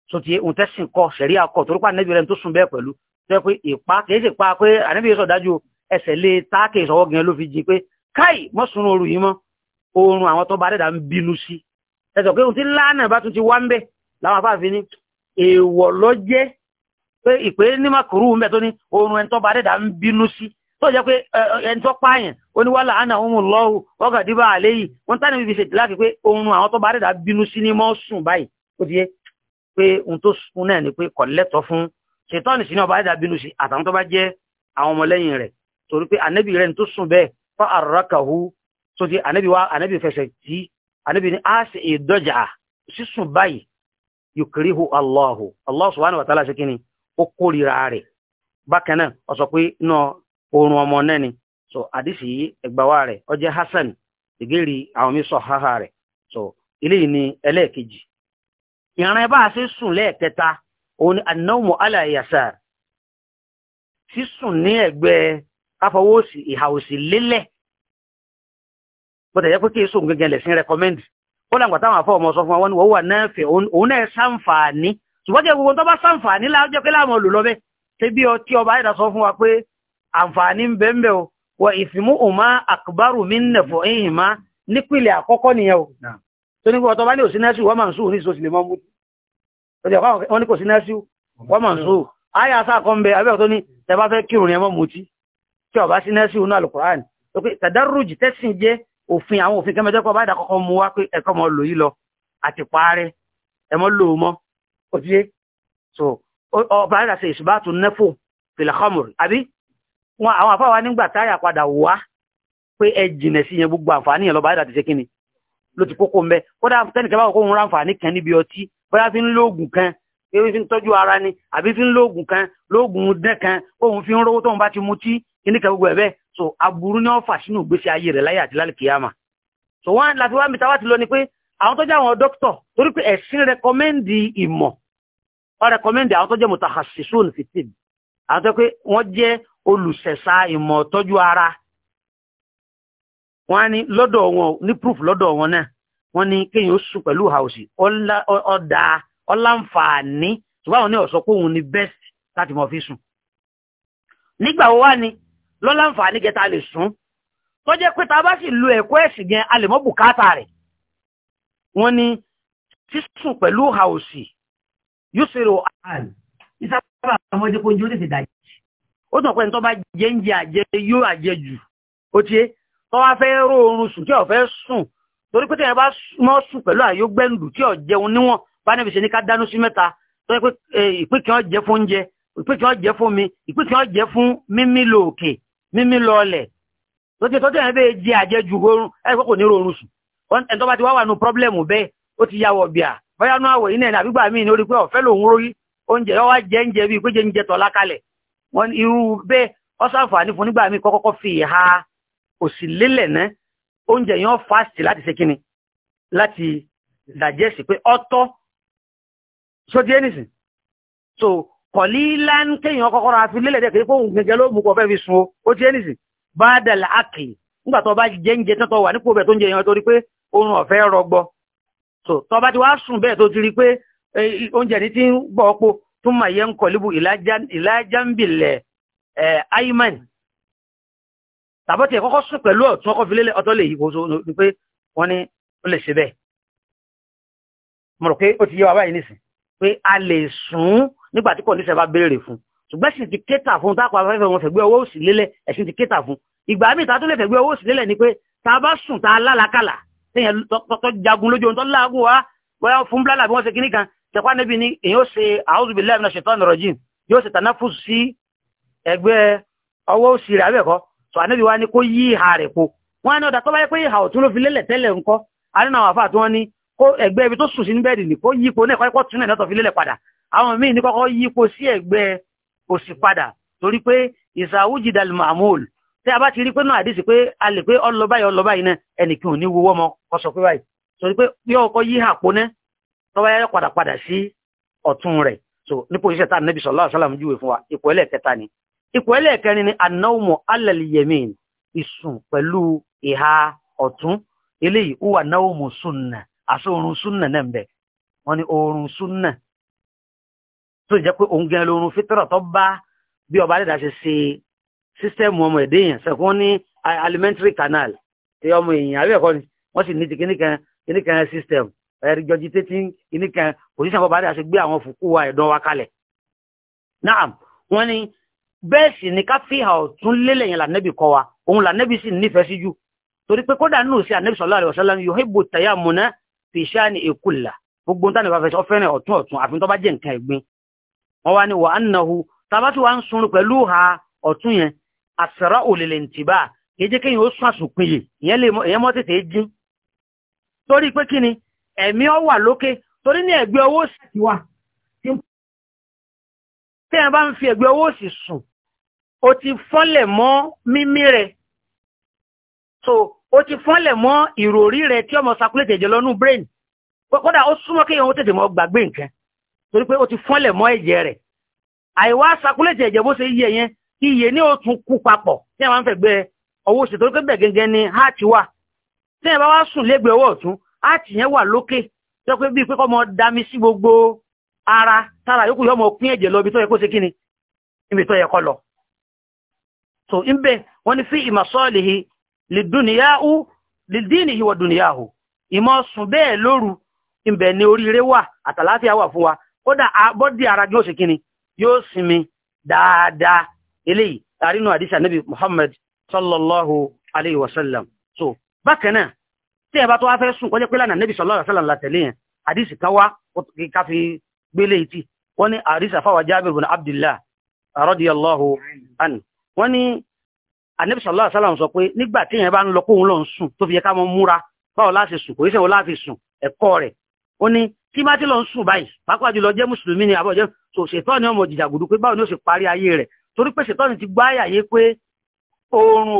[SPEAKER 3] so ti ohun tẹ́sìn kọ̀ sẹ̀rí akọ̀ torí pa nẹ́bí rẹ̀ tó sùn bẹ́ẹ̀ pẹ̀lú tó yẹ pé ìpa kìí sì pa pé ànẹ́bí sọ̀ dájú ẹsẹ̀ lé táàkì ìṣọwọ́ gan ló fi jí pé káì mọ́ sun oorun yìí mọ́ oorun àwọn tó bá dẹ́dà ń bínú sí ẹ̀sọ̀ pé ohun tí lánàá bá tún ti wá ń bẹ̀ láwọn afáàfin ní èèwọ̀ lọ pé ìpè ní makuru ń bẹ tó ní oorun ẹni tó bá dẹ́dà ń bínú sí tó jẹ́ pé ẹni tó pààyàn oníwàlà àná òun lọ́hùn ọgà díbà àlẹ́ yìí wọ́n tánà bíbi ṣètì láti pé oorun àwọn tó bá dẹ́dà bínú sí ní mọ́sùn báyìí ó ti yé pé ohun tó sùn náà ni pé kọ̀lẹ́tọ̀ fún ṣètọ́nì sí ní ọba dẹ́dà bínú sí àtàwọn tó bá jẹ́ àwọn ọmọlẹ́yìn rẹ̀ torí pé ànábì rẹ̀ tó sùn bẹ́ẹ̀ fọ́ àrọ́kàwù tó ti ànábì wá ànábì fẹsẹ̀ tí ànábì ní àṣẹ ìdọ́jà sísùn báyìí yukrihu Allahu Allah subhanahu wa ta'ala ṣe kíni ó kórìíra rẹ̀ bákan náà ọ sọ pé iná oorun ọmọ náà so àdìsí yìí rẹ̀ ó jẹ́ hasan ìgérí àwọn mi sọ haha rẹ̀ so eléyìí ni ẹlẹ́ẹ̀kejì ìran bá a ṣe sùn lẹ́ẹ̀kẹta òun ni anáwó aláyàṣà sísùn ní ẹ̀gbẹ́ káfọwọ́sì ìhà òsì lélẹ̀ yẹ pé kí gẹ́gẹ́ kó làǹgbà táwọn afọ́ ọmọ sọ fún wa ni ṣùgbọ́n jẹ́ gbogbo tó bá sàǹfààní lájọ́ pé láàmú olùlọ́bẹ̀ ṣe bí ọtí ọba ẹ̀dà sọ fún wa pé àǹfààní ń bẹ ń bẹ o wọ ìsìnmú òmá àkùbárù mi ń nẹ̀fọ̀ ẹ̀yìn má nípìnlẹ̀ àkọ́kọ́ nìyẹn o tó ní ọtọ́ bá ní òsínà sí wọ́n máa ń sùn ní ìsòsì lè mọ́ mú wọ́n ní kò sínà sí wọ́n máa ń sùn ayé asá kan bẹ abẹ́ ọ̀tọ́ ní tẹ́bá fẹ́ kírun yẹn mọ́ mú tí ọba sínà sí inú àlùkùránì tó pé tàdárùjì tẹ́sìn jẹ́ òfin àwọn òfin kẹ́mẹ́tẹ́kọ̀ bá ìdàkọ́kọ́ mú wá pé ẹ̀kọ́ mọ́ lò yí lọ àti paárẹ́ ẹ̀mọ́ lò mọ́ ó so ọba rẹ̀ ṣe ìṣùbátù nẹ́fò fìlàkọ́mùrù àbí wọn àwọn afáwa nígbà táyà padà wá pé ẹ jìnà sí yẹn gbogbo àǹfààní yẹn lọ́ba rẹ̀ ti ṣe kíni ló ti kókó mbẹ kódà tẹnìkan báwo kó ń ra àǹfààní kan níbi ọtí bóyá fi ń lóògùn kan ewé fi ń tọ́jú ara ni àbí fi ń lóògùn kan lóògùn dẹ́ kan òun fi ń rówó tóun bá ti mutí kíníkà gbogbo ẹ̀ bẹ́ẹ̀ so aburú ni wọ́n fà sínú ìgbésí ayé rẹ̀ láyé àti lálùkìyàmà so wọ́n láti wá mi táwa ti lọ ni pé àwọn tó jẹ́ àwọn dókítọ̀ torí pé ẹ̀sìn rẹkọmẹ́ndì ìmọ̀ wọ́n rẹ̀kọ́mẹ́ndì àwọn tó jẹ́ mutakhasisun fi tib àwọn tó pé wọ́n jẹ́ olùsẹ̀sà ìmọ̀ tọ́jú ara wọ́n ní lọ́dọ̀ wọn ní proof lọ́dọ̀ wọn náà wọ́n ní kéèyàn ó sùn pẹ̀lú hausi ọ̀dà ọ̀làǹfààní ṣùgbọ́n àwọn ní ọ̀sọ́ pé òun ni best láti mọ̀ fi sùn nígbà wo wá ni lọ́làǹfààní gẹta lè sùn tó jẹ́ pé ta bá sì lo ẹ̀kọ́ ẹ̀sìn gan a mọ́ bùkátà rẹ̀ wọ́n ní sísùn pẹ̀lú hausi yusuf al ìsábà ọmọdé kó ń jẹ ó tètè dàjì ó tàn pé ní tó bá jẹ ń jẹ àjẹ yóò àjẹ jù ó tiẹ̀ tó wá fẹ́ ró oorun sùn tí ò fẹ́ sùn torí pé tẹ̀yìn bá mọ́ sùn pẹ̀lú àyógbẹ́ndù tí ò jẹun níwọ̀n bá níbi ṣe ní ká dánú sí mẹ́ta tó yẹ pé ìpín kí wọ́n jẹ fún oúnjẹ ìpín kí wọ́n jẹ fún mi ìpín kí wọ́n jẹ fún mímí lọ òkè mímí lọ ọlẹ̀ tó ti tọ́jú ẹ̀ bẹ́ẹ̀ jẹ àjẹjù oorun ẹ̀ kò ní rọrùn sùn ẹni tó bá ti wá wà nù pọ́blẹ́mù bóyá nú àwẹ̀ yìí náà ní àbígbà míì ní orí pé ọ̀fẹ́ lòun rórí oúnjẹ yọ wá jẹ nje bíi pé jẹ oúnjẹ tọ́lá kalẹ̀ wọn irú bẹ́ẹ̀ ọ̀sánfààní fún nígbà míì kọ́kọ́kọ́ fi ìhà òsì lélẹ̀ ná oúnjẹ yẹn fásitì láti ṣe kíni láti dàjẹ́sì pé so kọ̀lí lán kéèyàn kọ́kọ́ ra fi lélẹ̀ dẹ́kẹ́ fóun gẹ́gẹ́ ló mú kọ́ fẹ́ fi sun ó so tó bá ti wá sùn bẹ́ẹ̀ tó ti rí pé e, oúnjẹ ní ti ń gbọ́ ọpọ tó mà yẹ ń kọ̀líbù ìlàjàmbìlẹ̀ ayman tàbọ́tì ẹ̀ kọ́kọ́ sùn pẹ̀lú ọ̀tún ọkọ̀ filélẹ̀ ọ̀tọ́ lè yípo so ni pé wọ́n ní ó lè ṣe bẹ́ẹ̀ mo rò pé ó ti yé wa báyìí nìsín pé a lè sùn nígbà tí kò ní sẹ́fà béèrè fún ṣùgbọ́n sì ti kéta fún tápọ̀ afẹ́fẹ́ wọn fẹ̀gbẹ́ owó òsì lélẹ̀ ẹ̀sìn ti kéta fún ìgbà míì tá tó lè fẹ̀gbẹ́ owó òsì lélẹ̀ ni pé tá a bá sùn tá a lálàkàlà téèyàn tọ́tọ́ jagun lójú ohun tó láàgùn wá bóyá fún bláàlà bí wọ́n ṣe kíní kan tẹ̀kọ́ níbi ni èyàn ó ṣe a'udhu billahi minash shaitani rajim yóò ṣe tanafus sí ẹgbẹ́ ọwọ́ òsì rẹ̀ abẹ́ẹ̀kọ́ sọ àníbi wá ní kó yí ìhà rẹ̀ po wọ́n á ní ọ̀dà tó bá yẹ pé ìhà ọ̀tún ló fi lélẹ̀ tẹ́lẹ̀ ńkọ́ àárín àwọn àfáà tí wọ́n ní kó ẹgbẹ́ ibi tó sùn sí bẹ́ẹ̀dì ni kó yípo náà kọ́kọ́ tún náà fi lélẹ̀ padà tí a bá ti rí pé náà àdísì pé a lè pé ọlọ́báyìí ọlọ́báyìí náà ẹnìkan ò ní wo ọmọ kọsọ̀ pé báyìí torí pé yóò kọ́ yí àpò náà tọ́wọ́ yára padà padà sí ọ̀tún rẹ̀ so ní pòṣíṣẹ́ tá ànábì sallallahu alaihi wasallam júwe fún wa ipò ẹlẹ́ẹ̀kẹta ni ipò ẹlẹ́ẹ̀kẹrin ni anáwùmọ̀ alẹ́lẹ́yẹmìn ìsùn pẹ̀lú ìhà ọ̀tún eléyìí ó wà náwùmọ̀ sunna àṣọ oorun sunna náà ń bẹ wọ́n ní oorun sunna tó jẹ́ pé òun gan sísítẹ́ẹ̀mù ọmọ èdè èèyàn sẹ́kù wọ́n ní alimentary canal ti ọmọ èèyàn àbí ẹ̀kọ́ ni wọ́n sì ní ti kíníkan kíníkan sísítẹ́ẹ̀mù ẹ̀rí jọjítẹ́tì kíníkan pòsíṣàn bọ́ba adé àṣegbé àwọn fùkú wa ẹ̀dán wa kalẹ̀. naam wọ́n ní bẹ́ẹ̀ sì ni káfíhà ọ̀tún lélẹ̀ yẹn lànẹ́bì kọ́ wa òun lànẹ́bì sì nífẹ̀ẹ́ sí jù torí pé kódà nínú sí ànẹ́bì sallallahu alaihi wasallam yuhibbu tayammuna fi shani kulla gbogbo ntánà ìfàfẹ́ sọ fẹ́ràn ọ̀tún ọ̀tún àfi tó bá jẹ́ nǹkan ẹ̀gbin wọ́n wá ní wà á àṣàrà òlèlè ntìbà kéjé kéyìn ó sún àsùnpinyè ìyẹn mọ́ tètè dín torí pé kí ni ẹ̀mí ọ wà lókè torí ní ẹ̀gbẹ́ owó sì ti wà tí ẹ bá ń fi ẹ̀gbẹ́ owó sì sùn ó ti fọ́nlẹ̀ mọ́ mímí rẹ̀ so ó ti fọ́nlẹ̀ mọ́ ìròrí rẹ̀ tí ọmọ circulate ẹ̀jẹ̀ lọ́nú brain kódà ó súnmọ́ kéèyàn ó tètè mọ́ gbàgbé nǹkan torí pé ó ti fọ́nlẹ̀ mọ́ ẹ̀jẹ̀ rẹ̀ àìwá circulate ẹ̀jẹ̀ bó ṣe yí ẹ̀yẹn iye ní ó tún kú papọ̀ tí a máa ń fẹ̀gbẹ́ ọwọ́ òsì tó gbẹ̀ gẹ́gẹ́ ni háàtì wà tí a bá wá sùn lẹ́gbẹ̀ẹ́ ọwọ́ ọ̀tún háàtì yẹn wà lókè tó pé bíi pé gbogbo ara tára yòókù yọmọ pín ẹ̀jẹ̀ lọ ibi tó yẹ kó ṣe ibi so ń bẹ wọn ni fi ìmọ̀sọ́ọ̀lì ìmọ̀ sùn bẹ́ẹ̀ lóru ìbẹ̀ ni oríire wa kódà ara yóò sinmi dáadáa eléyìí àrínú àdísà nabi muhammad sallallahu alayhi wa sallam so bákan náà tí ẹ bá tó wá fẹ́ sùn kọjẹ́ pé lánàá nabi sallallahu alayhi wa sallam látẹ̀lé yẹn àdísì káwá ká fi gbélé ìtì wọ́n ní àrísà fáwà jábìr bin abdullah radiyallahu an wọ́n ní anabi sallallahu alayhi wa sallam sọ pé nígbà tí yẹn bá ń lọ kóhun lọ ń sùn tó fi yẹ ká mọ múra báwo láti sùn kò yíṣẹ́ wọn láti sùn ẹ̀kọ́ rẹ̀ tí lọ ń sùn báyìí pàápàá jùlọ jẹ́ mùsùlùmí ni àbọ̀ jẹ́ sòṣètọ́ ni ọmọ jìjàgùdù pé báwo ni ó sì parí ayé rẹ̀ torí pé ṣètọ́ni ti gbọ́ àyà yé pé oorun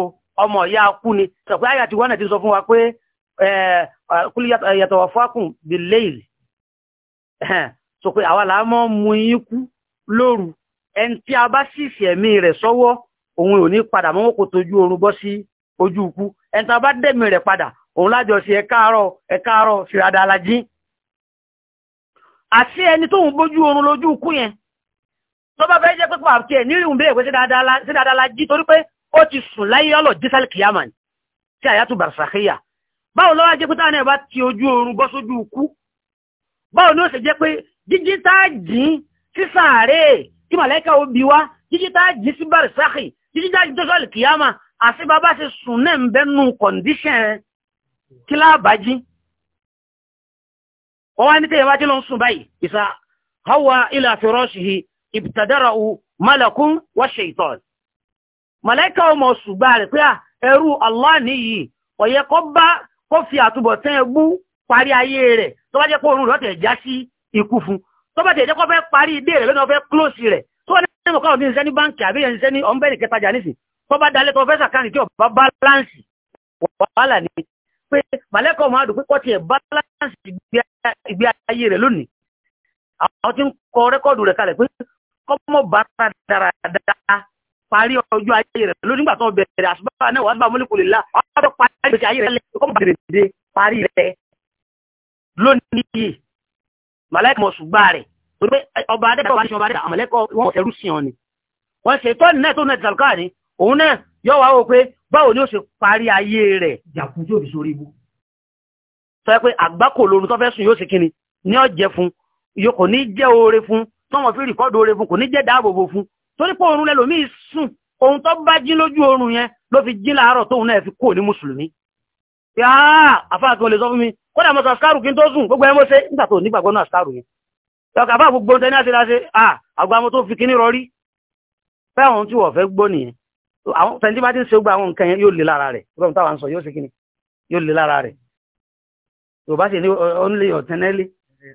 [SPEAKER 3] ọmọ ìyá kú ni sọ̀pé àyà ti wọ́n náà ti sọ fún wa pé yàtọ̀ fákùn bìlẹ́ìlì sọ pé àwa làá mọ́ mu yín kú lóru ẹni tí a bá sì fi ẹ̀mí rẹ̀ sọ́wọ́ òun ò ní padà mọ́ kò tójú oorun bọ́ sí ojú ikú ẹni tí a bá dẹ̀mí rẹ̀ padà òun lájọ sí ẹ káàárọ̀ fìràdà alájí àti ẹni tóun bójú oorun lójú ikú yẹn tó bá fẹ́ jẹ́ pé pàpà tí ní ìrùn bèèrè pé sí dáadáa la jí torí pé ó ti sùn láyé ọlọ̀ dísẹ́lì kìyàmà tí àyàtù bàrṣàkíyà báwo lọ́wọ́ jẹ́ pé táwọn ẹ̀bá ti ojú oorun bọ́ sójú ikú báwo ni ó ṣe jẹ́ pé jíjí tá a jìn sí sàárè tí màlẹ́kà ó bi wá jíjí tá a jìn sí bàrṣàkì jíjí tá a jìn tó àti bàbá sùn náà ń bẹ́ nu kọ̀ǹdíṣẹ̀n wọ́n wá ní ìbìtàdára o malakun wa shaitan màláìka ọmọ ṣùgbà rẹ̀ pé ah, ẹrú Allah nìyí ọ̀yẹ kọ́ bá kó fi àtúbọ̀tán ẹgbú parí ayé rẹ̀ tó bá jẹ́ pé òun rọ̀tẹ̀ já sí ikú fún tó bá tẹ̀ jẹ́ kó fẹ́ parí ilé rẹ̀ lónà fẹ́ close rẹ̀ tó bá ní ọkọ̀ òdí iṣẹ́ àwọn tí ń kọ rẹ́kọ̀dù rẹ̀ kalẹ̀ pé kọ́mọ bàtà dáradára parí ọjọ́ ayé rẹ̀ lórí nígbà tó bẹ̀rẹ̀ àṣùbà náà wà bá mọ́lẹ́kù lè la ọjọ́ parí ìgbésí ayé rẹ̀ lẹ́yìn kọ́mọ bẹ̀rẹ̀ dé parí rẹ̀ lónìí màláìkì mọ̀ ṣùgbà rẹ̀ torí pé ọba adẹ́ta wà ní ọba adẹ́ta àmọ̀lẹ́kọ̀ wọn ẹrú sí ọ ni wọ́n ṣe tọ́ náà tó náà tàlùkà ni òun náà yọ ni ó ṣe tọ́wọ́n fi rìkọ́dù oore fún kò ní jẹ́ dáàbòbò fún torí pé oorun lẹ́lòmíì sùn ohun tó bá jí lójú oorun yẹn ló fi jí láàárọ̀ tóun náà fi kò ní mùsùlùmí àfáàkì mi kódà mọ́sọ̀ àṣkárù kí n tó sùn gbogbo ẹmọ́ ṣe nígbà tó nígbàgbọ́ náà àṣkárù yẹn ọkà fáà gbogbo ń tẹ́ ní àṣíláṣe àgbàmọ́ tó fi kíní rọrí fẹ́hùn tí wọ́n fẹ́ gbọ́ nìyẹn tẹ́ntí bá ti ń sì ní onílé ọ̀tẹ́nẹ́lé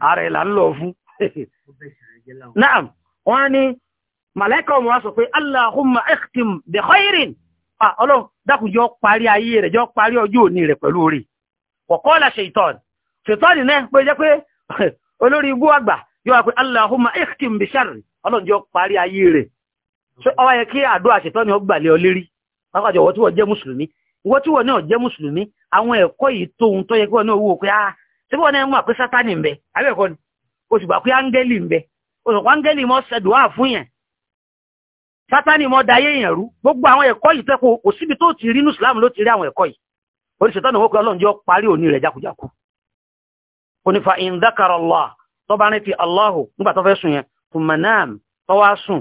[SPEAKER 3] ààrẹ là lọ fún (laughs) Naam, wọ́n ní Màláìkà ọmọ wa sọ pé Allahumma ikhtim bi khairin. Ọlọ́run dákun jọ parí ayé rẹ̀ jọ parí ọjọ́ òní rẹ̀ pẹ̀lú orí. Waqala Ṣètọ́n. Ṣètọ́n náà pé jẹ́ pé (laughs) olórí ibú àgbà yóò wá pé Allahumma ikhtim bi sharri. Ọlọ́run jọ parí ayé rẹ̀. Ṣé ọwá yẹ kí àdúrà Ṣètọ́n ni ó gbàlẹ̀ ọ lérí? Pápájọ wọ́n tí wọ́n jẹ́ Mùsùlùmí. Wọ́n tí wọ́n náà òṣùpáńgẹ́lì mọ́ sẹ̀dùá fún yẹn sátánì mọ́ dayé yẹn rú gbogbo àwọn ẹ̀kọ́ yìí tẹ́kọ̀ kò síbi tó ti rí ní islam ló ti rí àwọn ẹ̀kọ́ yìí na wọ́n pé ọlọ́run jọ parí òní rẹ̀ jákujáku onífa ìndákàrọ̀ tó bá rántí allahu nígbà tó fẹ́ sùn yẹn tumanam tó wá sùn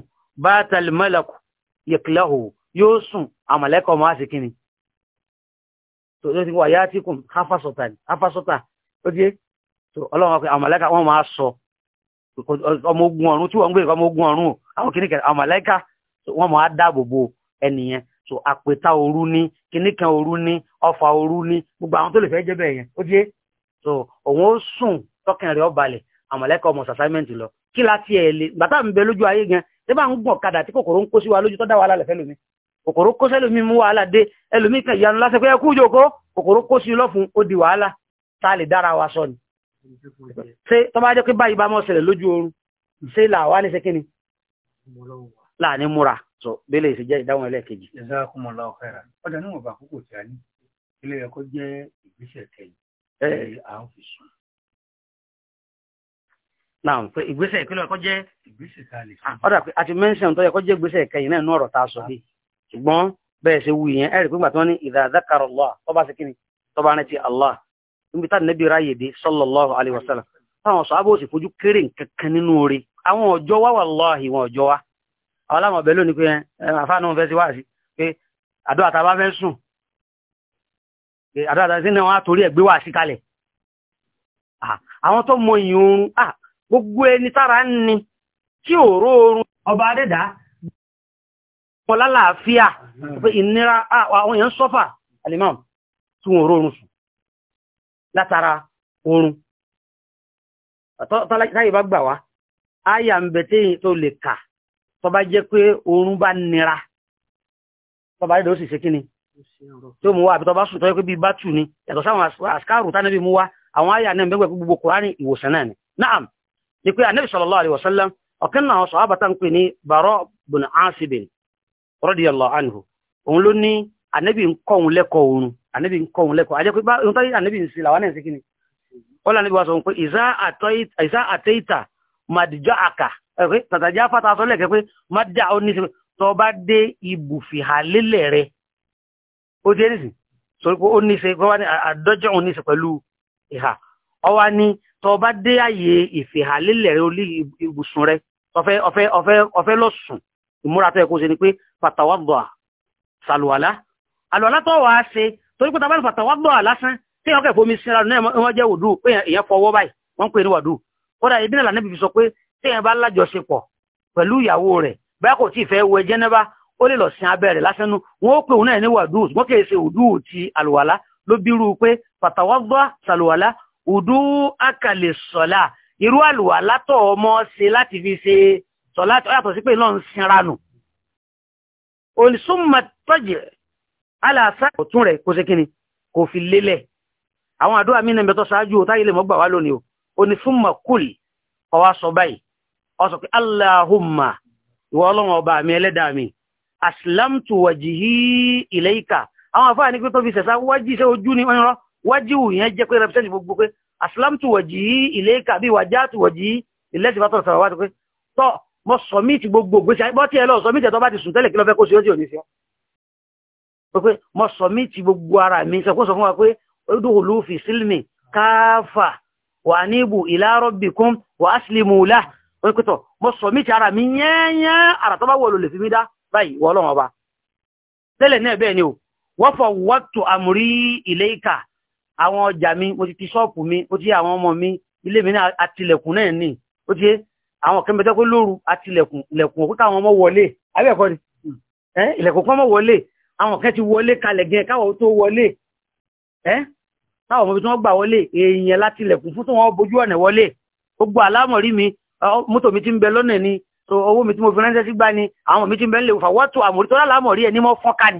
[SPEAKER 3] yóò sùn mọ́ àti tó ló ọmọ ogun ọ̀run tí wọ́n ń gbé ọmọ ogun ọ̀run àwọn kìnnìkan àwọn màláíkà wọ́n máa dáàbò bo ẹnìyẹn so àpèta òru ní kìnnìkan òru ní ọfà òru ní gbogbo àwọn tó lè fẹ́ jẹ́ bẹ́ẹ̀ yẹn ó jẹ́ so òun ó sùn tọkàn rẹ̀ ó balẹ̀ àwọn màláíkà ọmọ sàsáímẹ́ǹt lọ kí la tiẹ̀ lè gbàtà ń bẹ lójú ayé gan ṣé bá ń gbọ̀n kadà tí kòkòrò ń kó sí wa lójú tó dá wàhálà lẹ̀ fẹ́lómi kòkòrò kó sẹ́lómi mú wàhálà dé ẹlòmíkan ìyanu lásẹ̀ pé ẹ kú jòkó kòkòrò kó sí lọ́fun ó di wàhálà tá a lè dára wa sọ ni ṣé tó bá jẹ́ pé báyìí bá mọ́ ṣẹlẹ̀ lójú oorun ṣé là wá ní ṣe kíni láàní múra sọ bẹ́lẹ̀ ìṣèjẹ́ ìdáhùn ẹlẹ́ẹ̀kejì. jazakumullahu
[SPEAKER 1] khairan ọjà níwọ̀n bá àkókò tí a ní ilé ẹ̀kọ́ jẹ́ ìgbésẹ̀ kẹyìn tí a
[SPEAKER 3] ń fi sùn. náà ẹ̀kọ́ jẹ́ ìgbésẹ̀ tá a lè sùn. Ah, ọ̀dà pé àti mẹ́ńsàn tó yẹ kó jẹ́ ìgbésẹ̀ kẹyìn náà nú ọ̀rọ̀ tá a sọ bí ṣùgbọ́n bẹ́ẹ̀ ṣe wù yẹn ẹ̀rì pé gbàtọ́ ní idha dhakara Allah tó bá ṣe kíni tó bá níbi tá nẹ́bí ráyè dé sallallahu alaihi wasallam táwọn sọ abóòsì fojú kéré nkankan nínú orí àwọn ọjọ́ wá wallahi wọn ọjọ́ wá àwọn aláwọ̀ ọ̀bẹ lónìí pé àfáànù fẹ́ sí wáàsí pé àdó àtàbá fẹ́ sùn àdó àtàbá sí náà wọn àtòrí ẹ̀gbé wáàsí kalẹ̀ àwọn tó mọ ìyìn oorun gbogbo ẹni tára ń ni tí òró oorun ọba adẹ́dá wọn lálàáfíà pé ìnira àwọn èèyàn sọ́fà alimam tí wọn òró oorun sùn látara oorun táyì bá gbà wá àyà ń bẹ téyìn tó lè kà tó bá jẹ́ pé oorun bá nira tó bá dédé ó sì ṣe kíni tí mú wá àbí tó bá sùn tó yẹ pé bíi bá tù ni yàtọ̀ sáwọn mú gbogbo kùránì ìwòsàn náà ni naam ni pé anabi sallallahu alaihi wasallam ọ̀kan náà sọ àbátá ń pè ní baro bùn òun ló anabi ń kọ́ òun ànábì ń kọ́ òun lẹ́kọ̀ọ́ àjẹ́ pé báyìí tó ànábì ń sin làwọn náà ń sin kí ni wọ́n lànà bí wọ́n sọ pé ìsá àtẹ́ìtà màdìjọ́ àkà ẹ̀pẹ́ tàtàjá fàtà sọ lẹ́kẹ́ pé mádà ó ní tó bá dé ibùfìhà lélẹ̀ rẹ̀ ó dé nìsín sọ pé ó ní ṣe pé wọ́n ní àdọ́jọ́ òun ní ṣe pẹ̀lú ìhà ọwá ní tó bá dé àyè ìfìhà lélẹ̀ rẹ̀ orí ibùsùn rẹ̀ ọ̀fẹ́ ọ̀fẹ́ ọ̀fẹ́ ọ̀fẹ́ lọ́sùn ìmúra tó yẹ kó ṣe ni pé pàtàwọ́ bọ̀ àlùwàlá àlùwàlá tó wàá ṣe torí pé tá a bá lè fàtàwọ́ gbọ́ lásán tí wọ́n kẹfọ́ mi sinra náà wọ́n jẹ́ wòdú pé èèyàn fọwọ́ báyìí wọ́n pè ní wàdú kódà ibi náà lànà bìbí sọ pé tí èèyàn bá lájọṣepọ̀ pẹ̀lú ìyàwó rẹ̀ báyà kò tíì fẹ́ wọ ẹjẹ́ náà bá ó lè lọ sin abẹ́ rẹ̀ lásán nu wọ́n pè òun náà ní wàdú wọ́n kì í ṣe wòdú ti àlùwàlá ló bírú pé fàtàwọ́ gbọ́ sàlùwàlá wòdú àkàlẹ̀ sọ̀lá irú àlùwàlá tọ̀ ọmọ ṣe láti fi ṣe sọ̀lá yàtọ̀ sí pé náà ń sinra nù. òǹsùnmọ̀tọ́jẹ̀ aláàfẹ́ ọ̀tún rẹ̀ kó ṣe kíni kò fi lélẹ̀ àwọn àdúrà mí nà ṣáájú o táyé lè mọ́ gbà wá lónìí o ò ní fún makul ọwá sọ báyìí ọ sọ pé aláhùnmá ìwọ ọlọ́run ọba mi ẹlẹ́dàá mi aslamtu wàjìhí ilayka àwọn àfáà ní pé tó fi ṣẹ̀ṣá wájì ṣe ojú ni ọyọrọ wájì wù yẹn jẹ́ pé rẹpẹsẹ́ntì gbogbo pé aslamtu wàjìhí ilayka bí wàjáàtù wàjìhí ilẹ̀ ti bá tọ̀ sọ̀rọ̀ wá tó pé tọ́ mo sọ̀mí ti gbogbo gbèsè àìbọ́tí ẹ lọ sọ̀mí tẹ̀ tó bá ti sùn tẹ́lẹ̀ kí lọ fẹ́ kó ṣe ó sì ò ní sí ọ́ pé mo sọ mí ti gbogbo ara mi sọ kó sọ fún wa pé odòwò ló fi sílmì káfà wà níbù ìlàrọ̀ bìkún wà ásìlìmù lá wọ́n pẹ́tọ̀ mo sọ mí ti ara mi yẹ́nyẹ́ ara tó bá wọ̀ lò lè fi mí dá báyìí wọ́n lọ́wọ́ bá tẹ́lẹ̀ náà bẹ́ẹ̀ ni o wọ́n fọ wọ́tò àmúrí ilé ìkà àwọn ọjà mi mo ti ti ṣọ́ọ̀pù mi mo ti àwọn ọmọ mi ilé mi náà àtìlẹ̀kùn náà ní ó ti àwọn kẹ́mẹ́tẹ́ lóru àtìlẹ̀kùn ilẹ̀kùn òkúta àwọn ọmọ wọlé abẹ́ẹ̀kọ́ ni ilẹ̀kùn kan mọ́ wọlé àwọn kẹ́ ti wọlé kalẹ̀ gẹn káwọ̀ tó wọlé ẹ́ táwọn ọmọ bí tí wọ́n gbà wọlé èèyàn láti ilẹ̀kùn fún tó wọ́n bójú ọ̀nà wọlé gbogbo àlámọ̀rí mi mọ́tò mi ti ń bẹ lọ́nà ni owó mi tí mo fi ránṣẹ́ sí gbá ni àwọn mi ti ń bẹ lè fàwọ́tò àmọ̀rí tó lálámọ̀rí ẹ̀ ní mọ́ fọ́n ká ni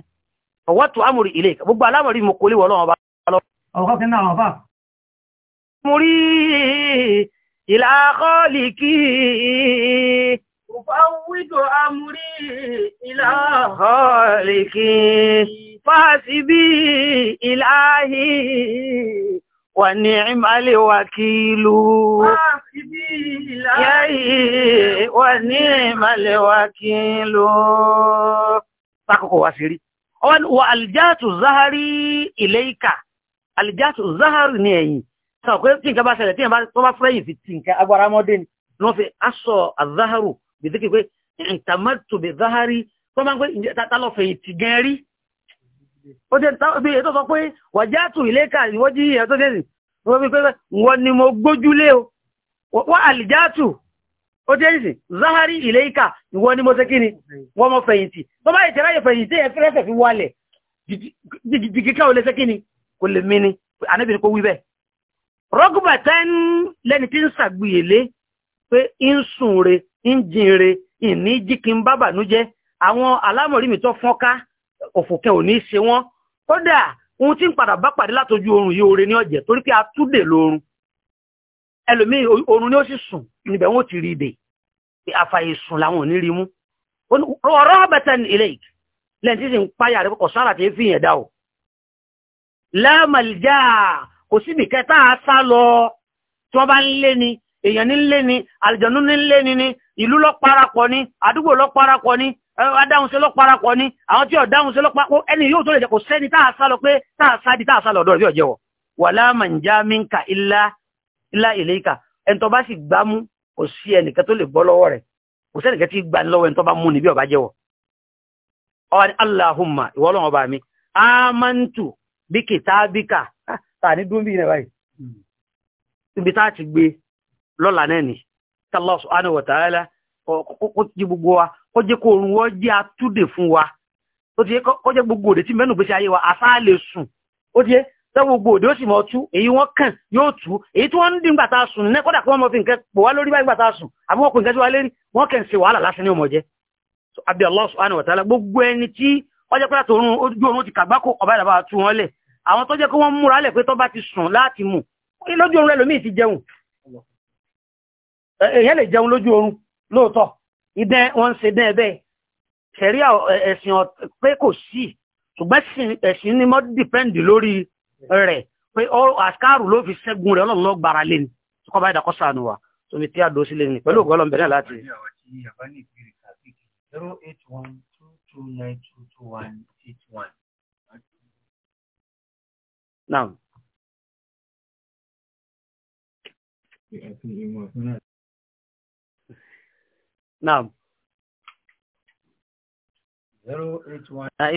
[SPEAKER 3] fàwọ́tò àmọ̀rí ilé gbogbo àlámọ̀rí mo kò lè wọ́ lọ́wọ́ bá lọ. ọkọ kí n náà wọn fà. mo rí ìlà kọ́ọ̀lì kí أفوض أمري إلى خالقي فحسبي إلهي ونعم الوكيل ياي ونعم الوكيل takoko wasiri on wa aljatu zahari ileika aljatu zahari ni ẹ̀yìn so ko tin ka ba ṣẹlẹ̀ tin ba to ba freyin fi tin ka agbára modin no fi aso azaharu bìtíkì pé ìtàmọ́tò bè záhárí tó máa ń pé tálọ́fẹ̀ ti gan rí ó jẹ́ bí ètò sọ pé wàjátù ìléka ìwọ́jí ìyẹn tó jẹ́sì wọ́n fi pé wọ́n ni mo gbójúlé o wọ́n àlìjátù ó jẹ́ ìsìn záhárí ìléka ìwọ́n ni mo ṣe kíni wọ́n mọ́ fẹ̀yìntì tó bá ìtẹ́lá yẹ fẹ̀yìntì ẹ̀ fẹ́rẹ́fẹ̀ fi wálẹ̀ jìgìkà ò lè ṣe kíni kò lè mí ni ànábìrin kò wí bẹ́ẹ̀ rọ́gùbà tán lẹ́ni tí ń sàgbìyèlé pé ń sùn re ìjìnre ìní jíkin bábànújẹ́ àwọn alámọ̀rí mi tó fọ́nká òfòkẹ́ ò ní ṣe wọ́n kódà ohun tí ń padà bá pàdé látojú oorun yìí oore ní ọ̀jẹ̀ torí pé a túdè lóorun ẹlòmíì oorun ni ó sì sùn níbẹ̀ wọn ò ti rí ìdè àfàyè sùn làwọn ò ní rí mú ọ̀rọ̀ ọ̀bẹ̀tẹ̀ ilé yìí lẹ́yìn tí sì ń páyà rẹ̀ kọ̀ sára tí yẹn dá o lẹ́mọ̀lìjà kò síbi kẹta sá lọ tí wọ́n bá ń lé ni èèyàn ní lé ni àlìjọ̀nú ní lé ni ni ìlú lọ parapọ̀ ni àdúgbò lọ parapọ̀ ni adáhunṣe lọ parapọ̀ ni àwọn tí ọ̀dáhunṣe lọ parapọ̀ ẹni yóò tó lè jẹ́ kò sẹ́ni tá a sá lọ pé tá a sá di tá a sá lọ ọ̀dọ́ rẹ̀ bí ọ̀jẹ̀ wọ̀ wàlá màǹjá mínka ilá ilá ìléka ẹni tó bá sì gbámú kò sí ẹnìkan tó lè bọ́ lọ́wọ́ rẹ̀ kò sẹ́nìkan tí gbà lọ́wọ́ ẹni tó bá mú ni bí ọba jẹ́wọ̀ ah, ọwọ́ hmm. ibi tá a ti gbé lọ́la náà ni Allah subhanahu wa ta'ala kó ti gbogbo wa kó jẹ́ kó oorun wọ́n jẹ́ atúndè fún wa ó ti yẹ kó jẹ́ gbogbo òde tí mẹ́nu gbèsè ayé wa àṣà lè sùn ó ti yẹ tẹ́ gbogbo òde ó sì mọ̀ tú èyí wọ́n kàn yóò tú èyí tí wọ́n ń dín gbàtà sùn ní kódà kí wọ́n mọ fi nǹkan pò wá lórí báyìí gbàtà sùn àbí wọ́n pè nǹkan tí wọ́n lé ní wọ́n kàn ṣe wàhálà lásán ní ọmọ jẹ́ abdi Allah subhanahu wa ta'ala gbogbo ẹni tí ó jẹ́ pẹ́lá tòun ojú oorun ti kàgbákò ọba ìdàbà tú wọn lẹ̀ àwọn tó jẹ́ kí wọ́n múra lẹ̀ pé tó bá ti sùn láti mù lójú oorun ẹlòmíì ti jẹun èyàn lè jẹun lójú oorun lóòótọ́ idẹ́ wọ́n ń ṣe dẹ́ ẹ̀bẹ́ ṣẹ̀rí ẹ̀sìn pé kò sí ṣùgbọ́n ẹ̀sìn ni mọ́ dìpẹ́ǹdì lórí rẹ̀ pé àṣkárù ló fi ṣẹ́gun rẹ̀ ọlọ́run lọ gbára lé ní kọ́ bá ìdàkọ́ sànù wa tóbi tí a dó sílé ní pẹ̀lú ògbọ́lọ́ bẹ̀rẹ̀ láti.
[SPEAKER 1] zero eight one two two nine two two one eight one. Now.
[SPEAKER 2] Naam.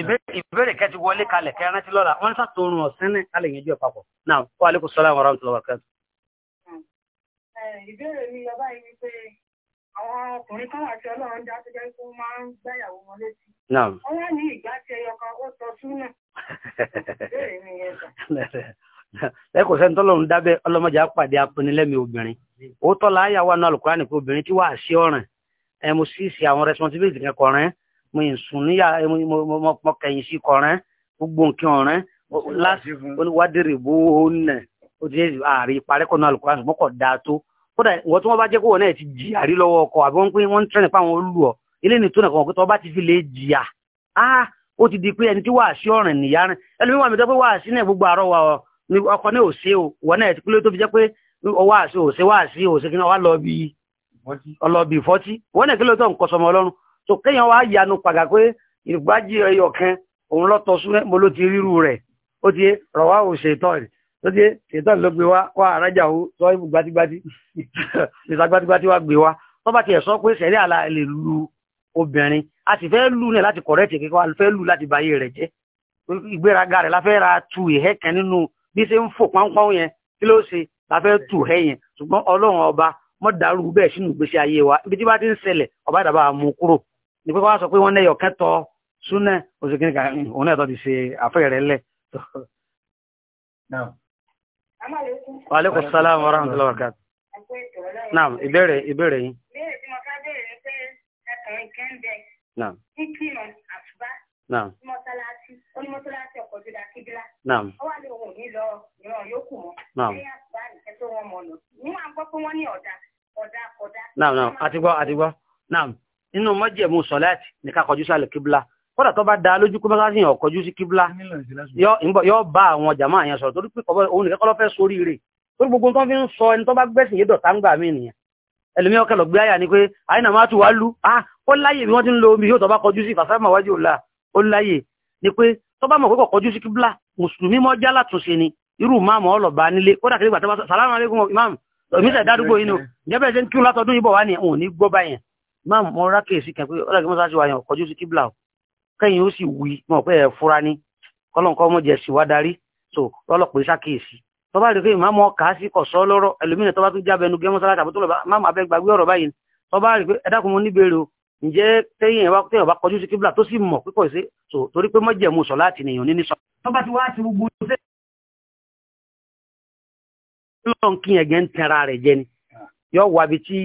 [SPEAKER 3] Ìbéèrè kẹ́ti wọlé kalẹ̀ kẹ́ rántí lọ́la, wọ́n sàtòrùn ọ̀sán ní alẹ́ yẹn jẹ́ papọ̀. Naam, wa alaikum salaam wa rahmatullahi wa barakatuh. Ìbéèrè mi lọ báyìí ni pé àwọn ọkùnrin kan àti ọlọ́run dá tó jẹ́ kó máa ń gbáyàwó wọn létí. Naam. Wọ́n wá ní ìgbà tí ẹyọ kan ó sọ súnà. Ìbéèrè mi yẹn sọ ẹkọ sẹni tọlọ́run dábẹ ọlọmọdé apàdé apinilẹmi obìnrin ó tọ́lá ayàwó àná alùkùránì pé obìnrin tí wàá sí ọ̀ràn ẹ mo sì ṣe àwọn responsibility kan kọrin mo ì sùn níyà mo kẹ̀yìn sí kọrin gbogbo nǹkan ọ̀rẹ́ láti oníwádìrí bó o nẹ̀ ó ti ṣe ààrí parẹ́kọ̀ náà lùkọ́ àṣùmọ́ kọ̀ dáa tó kódà ìwọ tí wọ́n bá jẹ́ kó wọ́n náà ti jìyà rí lọ́wọ́ ọkọ̀ àbí wọ́n pé wọ́n ń tẹ̀lé fáwọn olù ọ́ ilé ní ìtúnà kan pé tọ́ bá ti fi lè jìyà á ó ti di pé ẹni tí wàá sí ọ̀rìn nìyá rẹ̀ ẹlòmíín wà mí tó pé wàá sí náà gbogbo àárọ̀ wa ọkọ̀ náà ò ṣe o ìwọ náà ti pé ló tó fi jẹ́ pé wàá sí òṣè wàá sí kí náà wàá lọ bí ọlọ́bì fọ́tí wọ́n náà kí ló tọ́ nǹkan sọmọ ọlọ́run tó kéèyàn wá yanu pàgà pé ìgbájí ẹyọ kan òun lọ́tọ̀ sún mo ló ti ríru rẹ̀ ó ti rọ̀wá ò ṣètọ́ rẹ̀ ó ti ṣètọ́ ló gbé wá wá àrájà ó sọ ibù gbatigbati ìta (laughs) gbatigbati wá gbé wá tó bá ti ẹ̀ sọ pé sẹ̀rí àlà lè lu obìnrin a sì fẹ́ lù ní láti kọ̀rẹ́tì kíkọ́ a fẹ́ lù láti báyé rẹ̀ jẹ́ ìgbéraga rẹ̀ la fẹ́ ra tu ìhẹ́ kan nínú bí ṣe ń fò pánpán yẹn kí ló ṣe la fẹ́ tù hẹ́ yẹn ṣùgbọ́n ọlọ́run ọba mọ́ dàrú bẹ́ẹ̀ sínú ìgbésí ayé wa ibi tí bá ti ń ṣẹlẹ̀ ọba ìdàbà mú kúrò ní pé wọ́n sọ pé wọ́n lẹ́yọ̀ kẹ́tọ́ súnà oṣù kìnnìkà hmm, òun náà tó ti ṣe àfẹ́yẹ̀ rẹ̀ lẹ̀. wa alaikum salaam wa rahmatullahi wa barakatuh. naam ìbéèrè ìbéèrè yín. ìbéèrè Naam. Naam. Naam naam naam àti gbọ́ àti gbọ́ naam nínú mọ́jẹ̀mú sọ̀láàtì ní ká kọjú sálẹ̀ kíbla kódà tó bá da lójú kó mọ́sáàsì yàn kọjú sí kíbla yọ bá àwọn jàmáà yẹn sọ̀rọ̀ torí pé òun nìkan kọ́ ló fẹ́ sórí rè torí gbogbo tó fi ń sọ ẹni tó bá gbẹ̀sìn yé dọ̀tá ń gbà mí nìyẹn ẹlòmí ọkẹ lọ gbé àyà ni pé àyìnà máa tù wá lu ah ó láyè bí wọ́n ti ń lo omi yóò tó bá kọjú sí ìfàsámà wájú ọ̀la ó láyè ni pé tó bá mọ̀ pé kò kọjú sí kíbla mùsùlùmí mọ́ jálà túnṣe ni irú máàmù ọlọ́ba nílé kódà kí
[SPEAKER 2] òmísẹ̀ dádúgbò yìí ni
[SPEAKER 3] ìjẹ́bẹ̀ ṣe ń kírun látọdún yìí bọ̀ wá ní òun ní gbọ́ báyẹn máa mọ rákè sí kẹ̀kẹ́ ọlọ́gbẹ́ mọ́sá ṣe wà yàn kọjú sí kíbla o kẹ́yìn ó sì wí mọ̀ pé ẹ̀ fura ní kọ́lọ́nkọ́ mọ̀ jẹ̀ sí wá darí so lọ́lọ́pẹ́ ṣàkíyèsí tó bá rí pé ìmáàmù ọkà sí kọ̀sọ́ lọ́rọ̀ ẹlòmíràn tó bá tún jábẹ́ nu gẹ́mọ́sá látàbí tó lọ́ba máàmù abẹ́ gbàgbé ọ̀rọ̀ báyìí tó bá rí pé ẹ dákun mo níbèrè o ǹjẹ́ tẹ́yìn ẹ̀wá tẹ́yìn ọba kọjú sí kíbla tó sì mọ̀ pípọ̀ sí torí pé mọ́jẹ̀mú sọ láti nìyàn ní ní sọ. tó bá ti wá ti gbogbo lọ́n kí ẹ̀gẹ́ ń tẹ̀ra rẹ̀ jẹ ni yọ wà bí tí